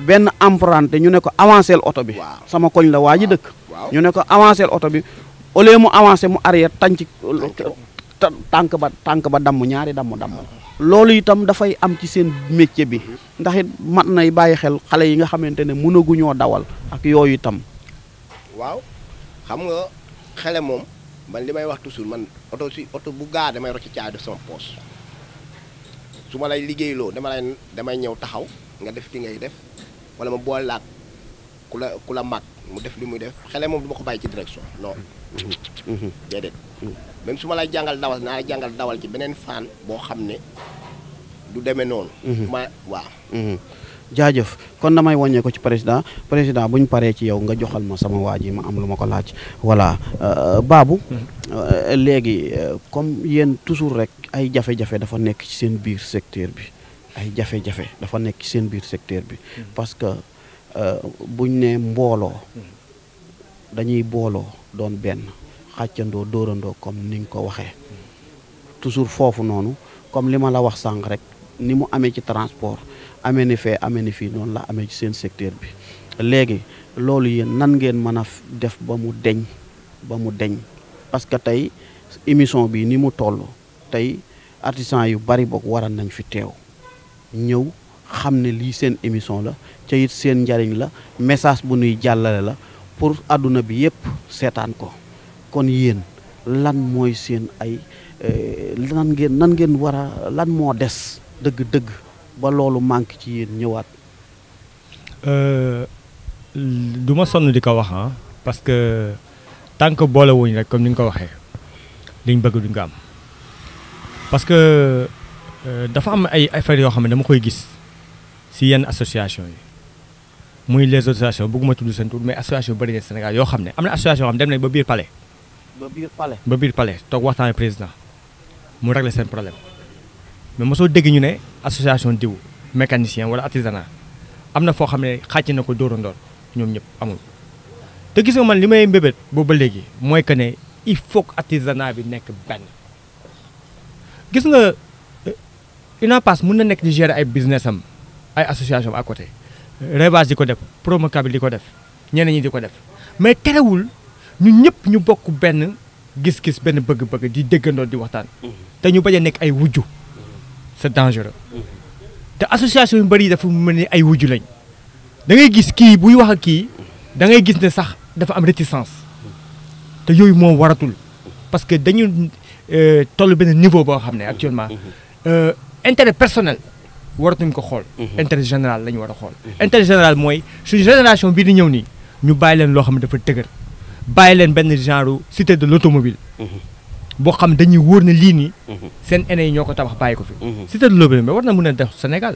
benn emprunté ñu ne ko avancé oto bi sama koñ la waa ji dëkk ñu ne ko avancé oto bi au lieu mu avancé mu arrière tànc tànk ba tànk ba damm ñaari damm damm loolu itam dafay am ci seen métier bi ndax it mat nay bàyyi xel xale yi nga xamante ne mënaguñoo dawal ak yooyu itam. waaw xam nga xele moom man li may wax toujours man oto si oto bu gaa damay rocc caay def sama poos su ma lay liggéeyloo dama lay damay ñëw taxaw nga def li ngay def wala ma boole laak ku la ku la mag mu def li muy def xele moom du ma ko bàyyi ci direction non mm-hmm. même su ma lay jàngal dawal naa la jàngal dawal ci beneen fànn boo xam ne du demee noonu. Mhm. ma waaw. Mhm. jaajëf kon damay wàññee ko ci président président bu ñu paree ci yow nga joxal ma sama waa ji ma am lu ma ko laaj voilà euh, Babou mhm. euh, léegi euh, comme yéen toujours rek ay jafe-jafe dafa nekk ci seen biir secteur bi ay jafe-jafe dafa nekk ci seen biir secteur bi parce que buñ ne mbooloo dañuy booloo doon benn xàccandoo dóorandoo comme ni nga ko waxee toujours foofu noonu comme li ma la wax sànq rek ni mu amee ci transport amee ni fee amee ni fii noonu la amee ci seen secteur bi léegi loolu yéen nan ngeen mën a def ba mu deñ ba mu deñ parce que tey émission bii ni mu toll tey artisan yu bari boog waral nañ fi teew ñëw xam ne lii seen émission la ca it seen njariñ la message bu nuy jàllale la pour àdduna bi yépp seetaan ko kon yéen lan mooy seen ay eh, nan ngeen nan ngeen war a lan moo des dëgg-dëgg ba loolu manque ci yéen ñëwaat. Euh, du ma sonn di ko wax ah parce que tant boole wuñ rek comme ni nga ko waxee liñ bëgg duñ ko am parce que euh, dafa am ay affaires yoo xam ne dama koy gis si yenn association yi muy les associations bëgguma tudd seen tur mais association yu bëri na Sénégal yoo xam ne am na association yoo xam ne dem nañ ba biir palais. ba biir palais ba biir palais toog waxtaan ak président mu régler seen problème mais mosoo dégg ñu ne association diw mécanicien wala artisanat am na foo xam ne xàcc na ko dóor ñoom ñëpp amul. te gis nga man li may mbébét boobu ba léegi mooy que ne il faut que artisanat bi nekk benn gis nga UNAPAS mun na nekk di gérer ay businessam ay association à côté Revage di ko def Promocab di ko def ñeneen ñi di ko def mais terewul. ñun ñëpp ñu bokk benn gis-gis benn bëgg-bëgg di dëggandoo di waxtaan. Mm-hmm. te ñu bañ a nekk ay wujju mm-hmm. c'est dangereux. Mm-hmm. te association yu bëri dafa mu mel ni ay wujju lañ da ngay gis kii buy wax a kii da ngay gis ne sax dafa am réticence te yooyu moom waratul parce que dañu euh, toll benn niveau boo xam ne actuellement euh, intérêt personnel waratuñ ko xool. intérêt général la ñu war a xool. intérêt général mooy suñu génération bii di ñëw nii ñu bàyyi leen loo xam ne dafa dëgër. bàyyi leen benn genre cité de l'automobile mm-hmm. boo xam dañuy wóor ne lii nii mm-hmm. seen aîné yi ñoo ko tabax bàyyi ko fi mm-hmm. cité de l'automobile war na mun a def Sénégal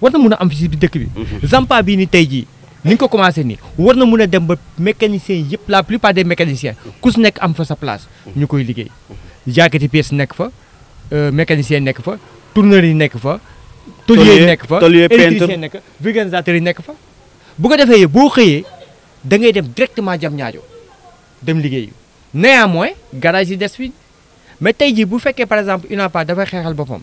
war na mun a am fii si dëkk bi Zampa bii ni tey jii ni nga ko commencé nii war na mun a dem ba mécanicien yëpp la plupart des mécaniciens ku si nekk am fa sa place ñu koy liggéey jaakati pièce nekk fa euh, mécanicien nekk fa tourneur yi nekk fa tôlier yi nekk fa électricien nekk fa vulcanisateur yi nekk fa bu ko defee boo xëyee da ngay dem directement jam ñaajo dem liggéeyi néanmoins garage yi des fi mais tey jii bu fekkee par exemple UNAPA dafay xeexal boppam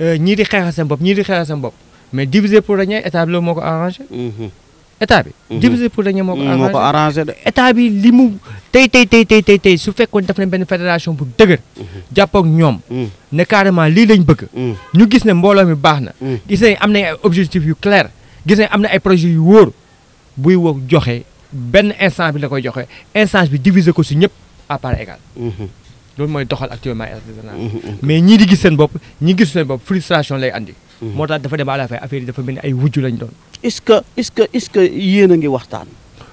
euh, ñii di xeexal seen bopp ñii di xeexal seen bopp mais diviser pour régner état bi loolu moo ko arrangé. Mhm. état bi. Mhm. diviser pour régner moo ko. Mhm, moo ko arrangé état bi li mu tey tey tey tey tey tey su fekkoon def leen benn fédération bu dëgër. jàppook ñoom. ne carrément lii lañ bëgg. ñu gis ne mbooloo mi baax na. gis nañ am nañ ay objectifs yu clair gis nañ am na ay projets yu wóor buy woo joxe. benn instance bi la koy joxe instance bi diviser ko si ñëpp à part mhm. loolu mooy doxal actuellement artisanat mhm, mais ñii di gis seen bopp ñi gis seen bopp frustration lay andi. Mhm. moo tax dafa dem à a fin affaire dafa mel ay wujju lañ doon. est-ce que est-ce que est que yéen a waxtaan.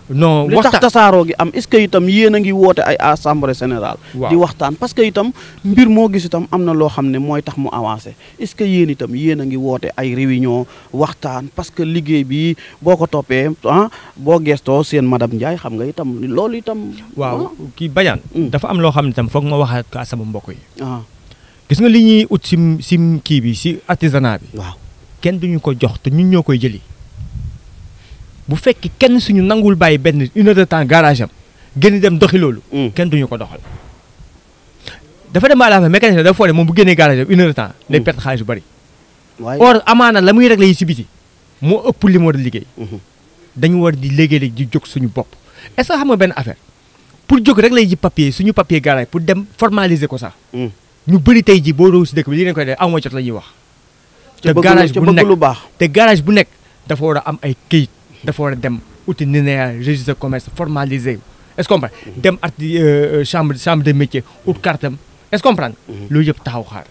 non li tax tasaaroo gi am est-ce que itam yéen a ngi woote ay assemblée sénéral di waxtaan parce que itam mbir moo gis itam am na loo xam ne mooy tax mu avancé est-ce que yéen itam yéen a ngi woote ay réunion waxtaan parce que liggéey bi boo ko toppee ah, boo gestoo seen madame Ndiaye xam nga itam loolu itam. waaw ah. kii Badiane. Hmm. dafa am loo xam ne itam foog ma wax ak sama mbokk yi. Ah. gis nga li ñuy ut sim sim kii bi si artisanat bi. waaw kenn du ñu ko jox te ñun ñoo koy jëli. bu fekk kenn suñu nangul bàyyi benn une heure de temps garage am génn dem doxi loolu. Mm. kenn duñu ko doxal. dafa dem à la fin mécanicien dafa foog ne moom bu génnee garage am une heure de temps. day mm. amaana la muy réglé yi si biti moo ëpp li mu war a liggéey. Mm-hmm. dañu war di léegi-léegi di jóg suñu bopp est ce que xam nga benn affaire pour jóg rek lay ji papier suñu papier garage pour dem formaliser ko sax. Mm. ñu bëri tey ji boo doon si dëkk bi li ngeen koy def aw ma jot la ñuy wax. te garage bu te garage bu nekk dafa war a am ay këyit. dafa war a dem outil linéaire registre de commerce formalisé wu est-ce que comprendre mhm. dem at euh, euh, chambre chambre de métier ut mhm. kartam est-ce que comprendre mhm. loolu yëpp taxaw xaar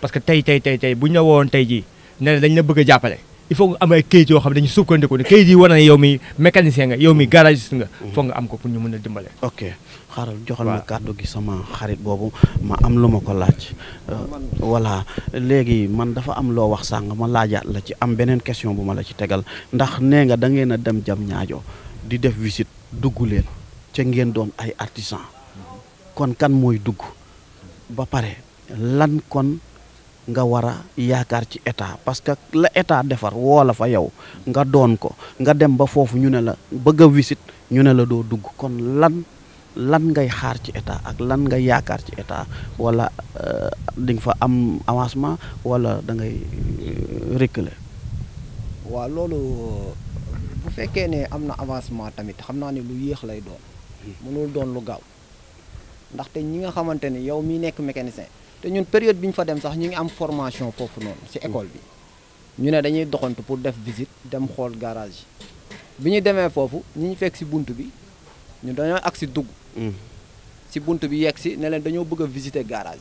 parce que tey tey tey tey bu ñu woon tey jii ne dañ la bëgg a jàppale il faut nga am ay kayit yoo xam ne dañu sukkandiku ne kayit yi war na yow mi mécanicien nga yow mi garagiste nga foog nga am ko pour ñu mën a dimbale ok xaaral joxal ma kàddu gi sama xarit boobu ma am lu ma ko laaj. Euh, voilà léegi man dafa am loo wax sàng ma laajaat la ci am beneen question bu ma la ci tegal ndax nee nga da ngeen a dem jam ñaajo di def visite dugg leen ca ngeen doon ay artisan kon kan mooy dugg ba pare lan kon nga war a yaakaar ci état parce que la état defar woo la fa yow nga doon ko nga dem ba foofu ñu ne la bëgg a ñu ne la doo dugg kon lan lan ngay xaar ci état ak lan ngay yaakaar ci état wala euh, di nga fa am avancement wala dangay ngay euh, reculer. waaw loolu bu fekkee ne am na avancement tamit xam naa ne lu yéex lay doon. mënul doon lu gaaw ndaxte ñi nga xamante ne yow mi nekk mécanicien te ñun période bi ñu fa dem sax ñu ngi am formation foofu noonu ci école bi. ñu ne dañuy doxantu pour def visite dem xool garage yi bi ñu demee foofu ñi ñu fekk ci bunt bi ñu dañoo agsi dugg Hmm. si bunt bi yegg si ne leen dañoo bëgg a visiter garage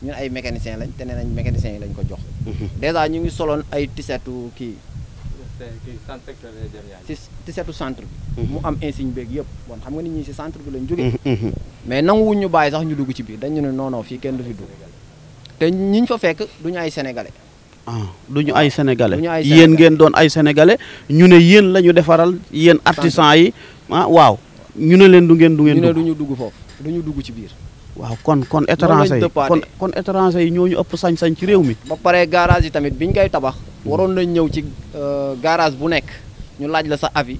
yi ñun ay mécanicien lañ te nee nañ mécanicien yi lañ ko jox hmm. dèjà ñu ngi soloon ay tisetu kii si tisetu centre bi hmm. mu am insigne beeg yëpp bon xam nga ni ñi si centre bi lañ jóge mais nanguwuñ ñu bàyyi sax ñu dugg ci biir dañu ne non fii kenn du fi dugg te ñiñ fa fekk du ñu ay sénégalais ah du ñu ay sénégalais yéen ngeen doon ay sénégalais ñu ne yéen la ñu defaral yéen artisan yi ah waaw ñu ne leen du ngeen du ngeen. dugg ñu ne du ñu dugg foofu du ñu dugg ci biir. waaw kon kon étranger yi kon kon étranger yi ñooñu ëpp sañ-sañ ci réew mi. ba pare garage yi tamit biñ koy tabax. waroon nañ ñëw ci euh, garage bu nekk ñu laaj la sa avis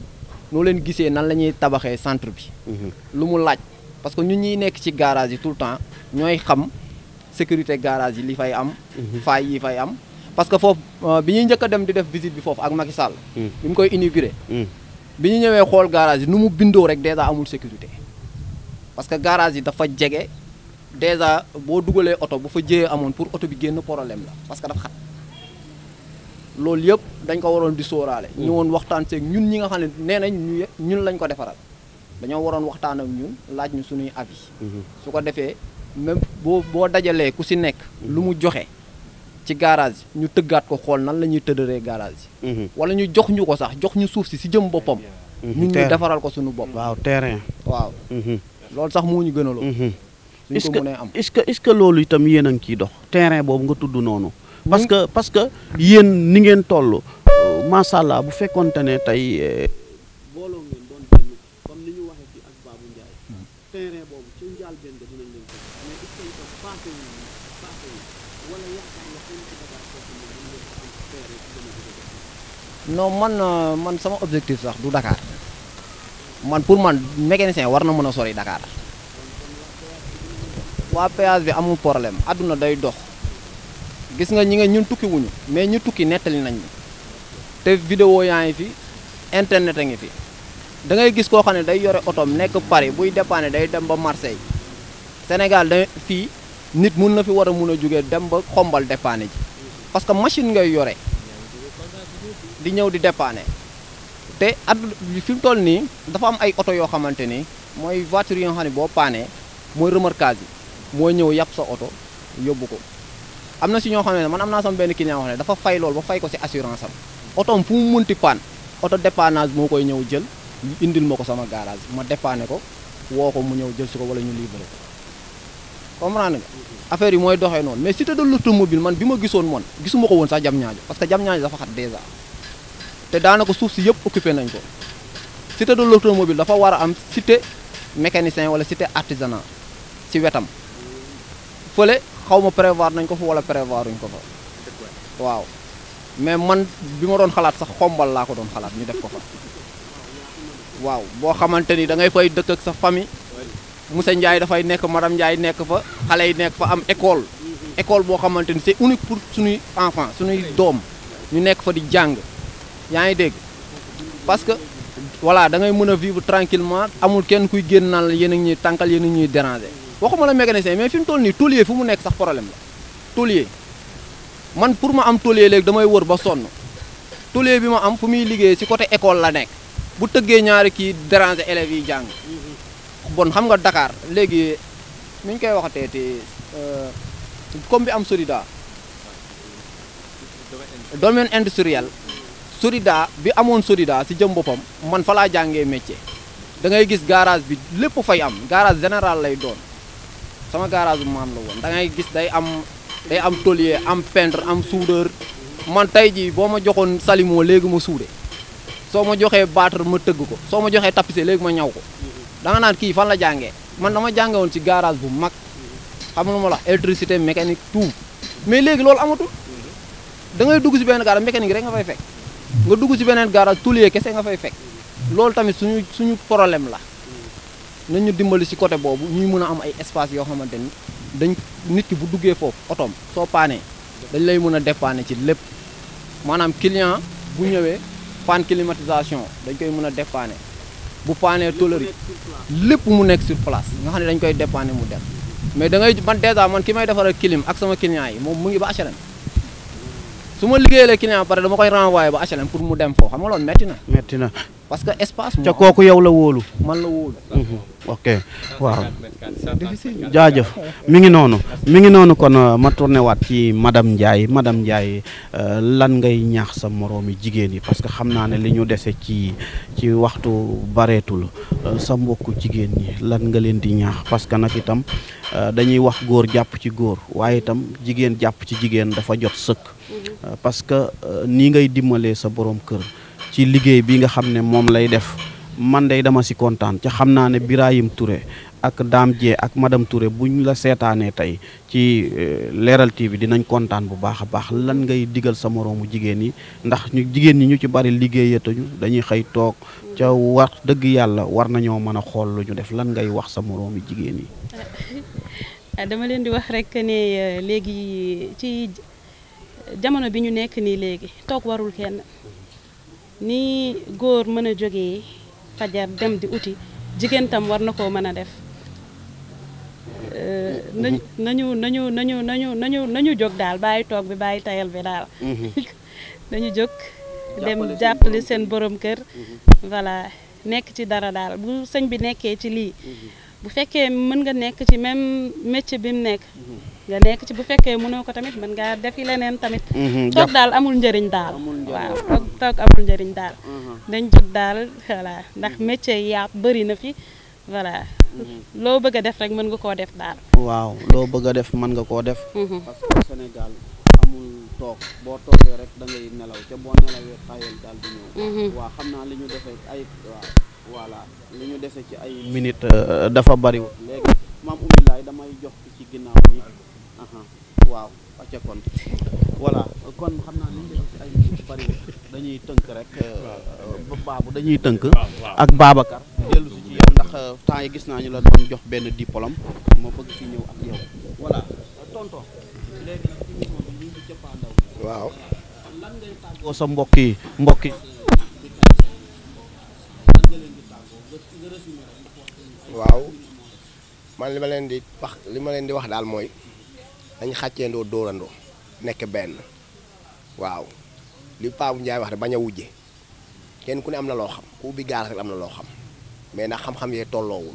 noo leen gisee nan la ñuy tabaxee centre bi. Mhm. lu mu laaj parce que ñun ñuy nekk ci garage yi tout le temps ñooy xam sécurité garage yi li fay am. Mhm. faay yi fay am parce que foofu euh, bi ñuy njëkk a dem di def visite bi foofu ak Macky Sall. Mhm. bi mu koy inauguré. bi ñu ñëwee xool garage yi nu mu bindoo rek dèjà amul sécurité parce que garage yi dafa jege dèjà boo dugalee oto bu fa jëyee amoon pour oto bi génn problème la parce que dafa xat loolu yëpp dañ ko waroon di sóoraale. Mm. ñëwoon waxtaan seeg ñun ñi nga xam ne nee nañ ñun lañ ko defaral dañoo waroon waxtaan ak ñun laaj ñu suñuy avis. Mm-hmm. su ko defee même boo boo dajalee ku si nekk. Mm-hmm. lu mu joxe. ci garage ñu tëggaat ko xool nan la ñuy tëddaree garage yi mhm. wala ñu jox ñu ko sax jox ñu suuf si si jëm boppam mhm. ñun ñu defaral ko suñu bopp waaw terrain waaw mhm. loolu sax moo ñu gën a loolu est-ce que est-ce que est-ce que loolu itam yéen a ngi ciy dox terrain boobu nga tudd noonu parce hmm? que parce que yéen ni ngeen toll euh, macha allah bu fekkonte ne tey euh, non man euh, man sama objectif sax du dakaar man pour man mécanicien war na mën a sori dakaar waa péage bi amul problème àdduna day dox gis nga ñi nga ñun tukki mais ñu tukki nettali nañ te vidéo yaa ngi fi internet a ngi fi da ngay gis koo xam ne day yore otoom nekk Paris buy dépanner day dem ba Marseille Sénégal da fii nit mun na fi war a mun a jóge dem ba xombal dépanner ji parce que machine ngay yore. di ñëw di dépanner te at fi mu toll nii dafa am ay oto yoo xamante ni mooy voiture yoo xam ne boo paanee mooy remorquage bi mooy ñëw yàpp sa oto yóbbu ko am na si ñoo xam ne man am naa sama benn client wax ne dafa fay lool ba fay ko si assurance am otoom fu mu munti paan oto dépannage moo koy ñëw jël indil ma ko sama garage ma dépanne ko woo ko mu ñëw jël si ko wala ñu libéré ko comprendre nga affaire yi mooy doxee noonu mais cité de l'automobile man bi ma gisoon moon que jam ñaajo dafa te daanaka suuf si yëpp occupé nañ ko cité de l'automobile dafa war a am cité mécanicien wala cité artisanat ci wetam fële xaw ma prévoir nañ ko fa wala prévoiruñ ko fa waaw mais man bi ma doon xalaat sax xombal laa ko doon xalaat ñu def ko fa waaw boo xamante ni da ngay fay dëkk ak sa famille Moussa Ndiaye dafay nekk madame Ndiaye nekk fa xale yi nekk fa am école école boo xamante ni c'est unique pour suñuy enfants suñuy doom ñu nekk fa di jàng yaa ngi dégg parce que voilà da ngay mën a vivre tranquillement amul kenn kuy génn naan yéen a ngi ñuy tànkal yéen a ngi ñuy déranger waxuma la mécanicien mais fi mu toll nii tôlier fu mu nekk sax problème la tôlier man pour ma am tôlier léegi damay wër ba sonn tôlier bi ma am fu muy liggéey ci côté école la nekk bu tëggee ñaari kii déranger élèves yi jàng bon xam nga dakaar léegi ni ñu koy waxatee te euh, comme bi am solida domaine industriel soridaa bi amoon Sorida si jëm boppam man fa laa jàngee métier da ngay gis garage bi lépp fay am garage général lay doon sama garage bu maam la woon da ngay gis day am day am tôlier am peintre am soudeur man tey jii boo ma joxoon salimoo léegi ma suude soo ma joxee battre ma tëgg ko soo ma joxee tapissier léegi ma ñaw ko da naan kii fan la jàngee man dama jànge woon ci garage bu mag xam nga ma la électricité mécanique tout mais léegi loolu amatul da ngay dugg benn garage mécanique rek nga fay fekk. nga dugg ci beneen garage tuulier kese nga fay fekk loolu tamit suñu suñu problème la nañ ñu dimbali si côté boobu ñuy mën a am ay espace yoo xamante ni dañ nit ki bu duggee foofu otoom soo paanee dañ lay mën a dépanner ci lépp maanaam client bu ñëwee panne climatisation dañ koy mën a dépanner bu paanee tôlerie lépp mu nekk sur place nga xam ne dañ koy dépanner mu dem mais da ngay man dèjà man ki may defaral clim ak sama client yi moom mu ngi ba HLM su ma liggéeyee client ba pare dama koy renvoyé ba HLM pour mu dem foo xam nga loolu na parce que espace. ca kooku yow la wóolu. man la wóolu. Mm-hmm. ok waaw. jaajëf mi ngi noonu. mi ngi noonu kon euh, ma tourné ci madam Ndiaye madam Ndiaye euh, lan ngay ñaax sa moroomi jigéen yi parce que xam naa ne li ñu dese ci ci waxtu bareetul euh, sa mbokku jigéen ñi lan nga leen di ñaax parce que nag itam dañuy wax góor jàpp ci góor waaye itam jigéen jàpp ci jigéen dafa jot sëkk. Mm-hmm. parce que nii ngay dimbalee sa borom kër. ci liggéey bi nga xam ne moom lay def man day dama si kontaan ci xam naa ne Birahim Touré ak Dame Dieng ak madame Touré buñ la seetaanee tey ci euh, Leral TV dinañ kontaan bu baax a baax lan ngay digal sa moroomu jigéen yi ndax ñu jigéen ñi ñu ci bari liggéeyatuñu dañuy xëy toog ca war dëgg yàlla war nañoo mën a xool lu ñu def lan ngay wax sa moroomu jigéen yi. dama leen di wax rek ne euh, léegi ci jamono bi ñu nekk nii léegi toog warul kenn. ni góor mën a jóge fajar dem di uti jigéen tam war na koo mën a def euh, mhm. nañu nañu nañu nañu nañu nañu jóg daal bàyyi toog bi bàyyi tayal bi daal mhm. nañu jóg dem jàppale seen borom kër mhm. voilà nekk ci dara daal bu sëñ bi nekkee ci lii bu fekkee mën nga nekk ci même métier bi mu nekk nga nekk ci bu fekkee mënoo ko tamit mën ngaa yi leneen tamit mhm, toog daal amul njariñ daal waaw toog toog amul njariñ daal dañ mhm. jóg daal voilà ndax mhm. métier yàpp bëri na fi voilà loo bëgg def rek mën nga koo def daal waaw loo bëgg a def mën nga koo def parce que Sénégal boo toogee rek da ngay nelaw ca boo nelawee xayal daal waaw xam naa li ñu defee ay voilà li ñu ci ay minute euh, dafa bariwul léegi maam Oumy ci ginnaaw waaw acca kon voilà kon xam naa ni dañuy tënk rek euh, baabu dañuy tënk ak Babacar dellu ci yow ndax euh, temps yi gis naa ñu la doon jox benn diplôme moo bëgg ci ñëw ak yow voilà tonton waaw lan sa mbokk yi waaw man li ma leen di wax li ma leen di wax daal mooy dañ xàcceendoo dóorandoo nekk benn waaw li Pape Ndiaye wax rek bañ a wujje kenn ku ne am na loo xam ku ubbi gaal rek am na loo xam mais ndax xam-xam yee tolloowul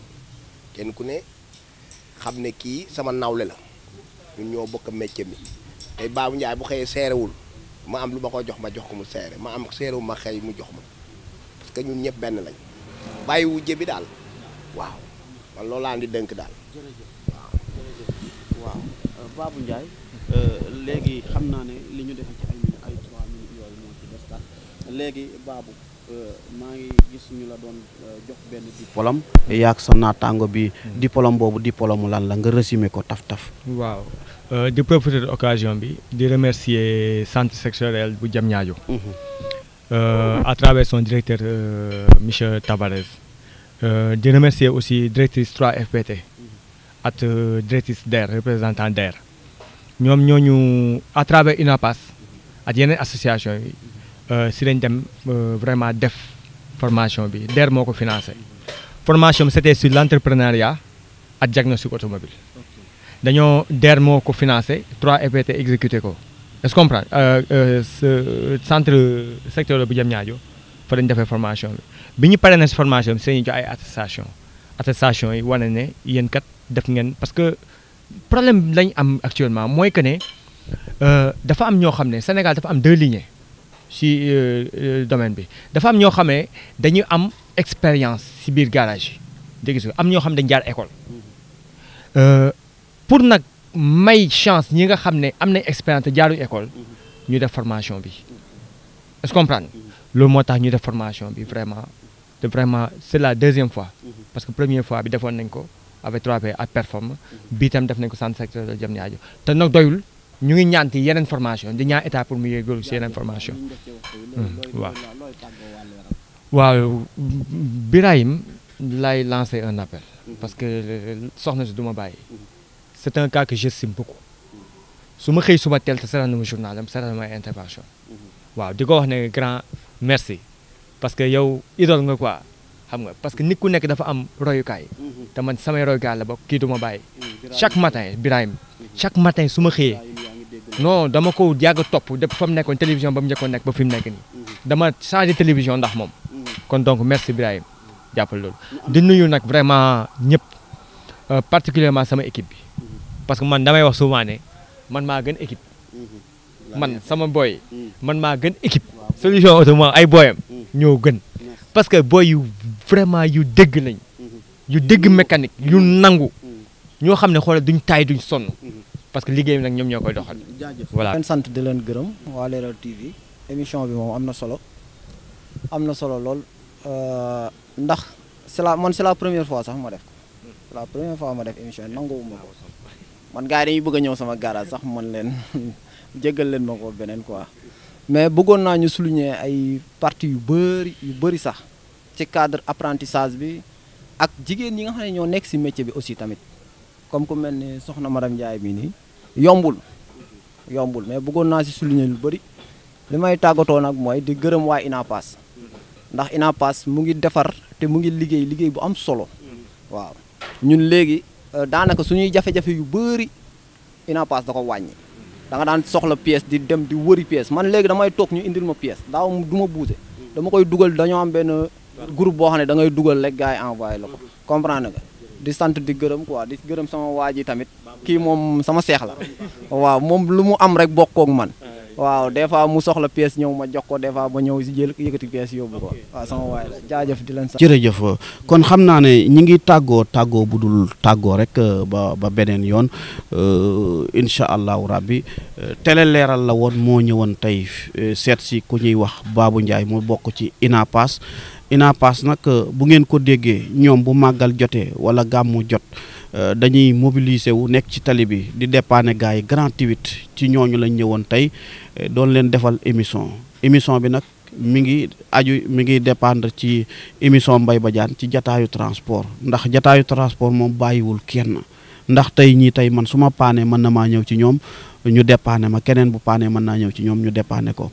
kenn ku ne xam ne kii sama nawle la ñun ñoo bokk métier mi tey Pape Ndiaye bu xëyee seerewul ma am lu ma ko jox ma jox ko mu seere ma am seerewu ma xëy mu jox ma parce ñun ñëpp benn lañ bàyyi wujje bi daal waaw man loolu laa di dënk daal Babou Ndiaye euh, léegi xam naa ne li ñu def ci ay ay 3 minutes yooyu moo ci des tax léegi Babou euh, maa ngi gis ñu la doon euh, jox benn diplôme yaag sa naataango bi hmm. di polom boobu di diplôme lan la nga résumé ko taf-taf waaw di profiter occasion bi di remercier centre sectoriel bu Diamniadio hmm. à travers son directeur monsieur Tavares di remercier aussi directrice 3FPT ak euh, directrice DER représentant DER ñoom ñoo ñu à travers UNAPAS ak yeneen association yi euh, si lañ dem euh, vraiment def formation bi DER moo ko financé formation bi c'était sur l'entrepreneuriat ak diagnostic automobile dañoo DER moo ko financé trois EPT exécuté ko est-ce que comprendre centre secteur bu jëm ñaajo fa lañ defee formation bi bi ñu paree na formation bi si lañu jox ay attestation attestation yi wane ne yéen kat def ngeen parce que problème lañ am actuellement mooy que ne euh, dafa am ñoo xam ne Sénégal dafa am deux lignées ci euh, euh, domaine bi dafa am ñoo xam ne dañu am expérience si biir garage yi dégg am ñoo xam ne dañ jaar école pour nag may chance ñi nga xam ne am nañ expérience te jaaru école ñu def formation bi est-ce loolu moo tax ñu def formation bi vraiment te vraiment c' est la deuxième fois. parce que première fois bi defoon ko avec 3P ak performe tam def nañ ko centre secteur de Diamniadio te nag doyul ñu ngi ñaanti yenen formation di ñaan état pour mu yëgal si yeneen formation. Hmm, waaw waaw Birahim lay lancer un appel. parce que soxna si du ma bàyyi. c' est un cas que xëy suma teel te seetaan na ma journal am seetaan na ma intervention. waaw di ko ne grand merci. parce que yow idole nga quoi xam nga parce que nit ku nekk dafa am royukaay mhm. te man samay royukaay la bokk kii du ma bàyyi mhm, chaque matin Birahim mhm. chaque matin su ma xëyee non dama ko yàgg a topp depuis fa mu nekkoon télévision ba mu njëkkoon nekk ba fi mu nekk ni dama changé télévision ndax moom kon donc merci Birahim jàppal loolu di nuyu nag vraiment ñëpp euh, particulièrement sama équipe bi parce que man damay wax souvent ne man maa gën équipe man sama boy man maa gën équipe solution auto ay booyam mm. ñoo gën parce que booy yu vraiment yu dégg lañ mm-hmm. yu dégg mécanique yu mm-hmm. nangu mm-hmm. ñoo xam ne xoolal duñ taay duñ sonn parce que liggéey bi nag ñoom ñoo koy doxal. jaajëf voilà leen sant di leen gërëm waa Leral TV émission bi moom am na solo am na solo lool euh, ndax c'est la man c'est la première fois sax ma def ko la première fois ma def émission nanguwuma ko man gars yi dañuy bëgg a ñëw sama garage sax man leen jéggal leen ma ko beneen quoi. mais bëggoon naa ñu souligner ay parties yu bëri yu bëri sax ci cadre apprentissage bi ak jigéen ñi nga xam ne ñoo nekk si métier bi aussi tamit comme ku mel ni soxna madame njaay mii nii yombul yombul mais bëggoon naa si souligner lu bëri li may tàggatoo nag mooy di gërëm waa INAPAS ndax INAPAS mu ngi defar te mu ngi liggéey liggéey bu am solo waaw ñun léegi euh, daanaka suñuy jafe-jafe yu bëri INAPAS da ko wàññi. da nga daan soxla pièce di dem di wëri pièce man léegi damay toog ñu indil ma pièce daaw du ma buuse dama koy dugal dañoo am benn groupe boo xam ne da ngay dugal rek gaa yi envoyé la ko comprendre nga di sant di gërëm quoi di gërëm sama waa ji tamit kii moom sama seex la waaw moom lu mu am rek bokkoog man waaw des fois mu soxla pièce ñëw ma jox ko des fois ba ñëw si jël yëkkati pièce yóbbu ko waaw sama waay jaajëf di leen jërëjëf kon xam naa ne ñi ngi tàggoo tàggoo bu dul tàggoo rek euh, ba ba beneen yoon euh, incha allahu rabbi euh, télé leeral la woon moo ñëwoon tey seet si ku ñuy wax baabu Ndiaye mu bokk ci inaa INAPAS INAPAS nag bu ngeen ko déggee ñoom bu màggal jotee wala gàmmu jot dañuy mobiliser wu nekk ci tali bi di dépanner gars yi grand tiwit ci ñooñu lañ ñëwoon tey doon leen defal émission émission bi nag mi ngi aju mi ngi dépendre ci émission Mbaye Badiane ci jataayu transport ndax jataayu transport moom bàyyiwul kenn ndax tey ñii tey man su ma paanee mën na maa ñëw ci ñoom ñu dépanne ma keneen bu paanee mën naa ñëw ci ñoom ñu dépanne ko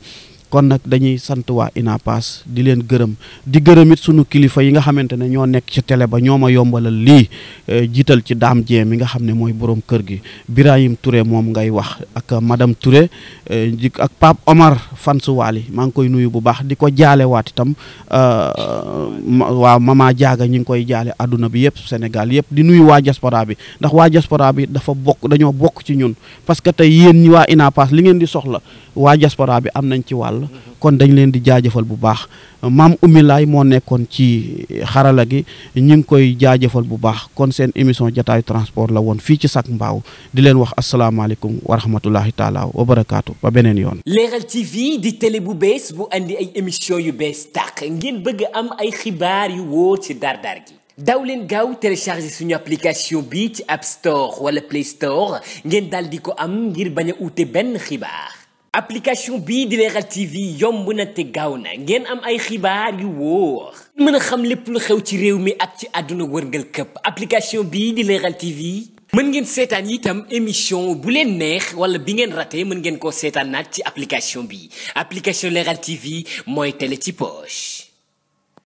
kon nag dañuy sant waa inaa paas di leen gërëm di gërëm it sunu kilifa yi nga xamante ne ñoo nekk ci tele ba ñoo ma yombalal lii eh, jiital ci daam jee mi nga xam ne mooy borom kër gi Birahim Touré moom ngay wax ak madame Touré eh, di ak Pape Omar Fansu Waali maa ngi koy nuyu bu baax di ko jaalewaat itam eh, ma mama jaaga ñi ngi koy jaale adduna bi yëpp Sénégal yëpp di nuyu waa diaspora bi ndax waa diaspora bi dafa bokk dañoo bokk ci ñun parce que tey yéen waa li ngeen di soxla waa diaspora bi am nañ ci wàll yàlla kon dañ leen di jaajëfal bu baax maam Oumy Laay moo nekkoon ci xarala gi ñu ngi koy jaajëfal bu baax kon seen émission jataayu transport la woon fii ci Sac Mbao di leen wax asalaamaaleykum wa rahmatullahi taala wa barakaatu ba beneen yoon. Leral TV di télé bu bees bu andi ay émission yu bees tàq ngeen bëgg am ay xibaar yu wóor ci dardar gi. daw leen gaaw télécharger suñu application bi ci App Store wala Play Store ngeen daal di ko am ngir bañ a uute application bii di Leral TV yomb na te gaaw na ngeen am ay xibaar yu wóor mën a xam lépp lu xew ci réew mi ak ci àdduna wërngal këpp application bii di Leral TV mën ngeen seetaan itam émission bu leen neex wala bi ngeen raté mën ngeen ko koo naat ci application bi application Leral TV mooy tele ci poche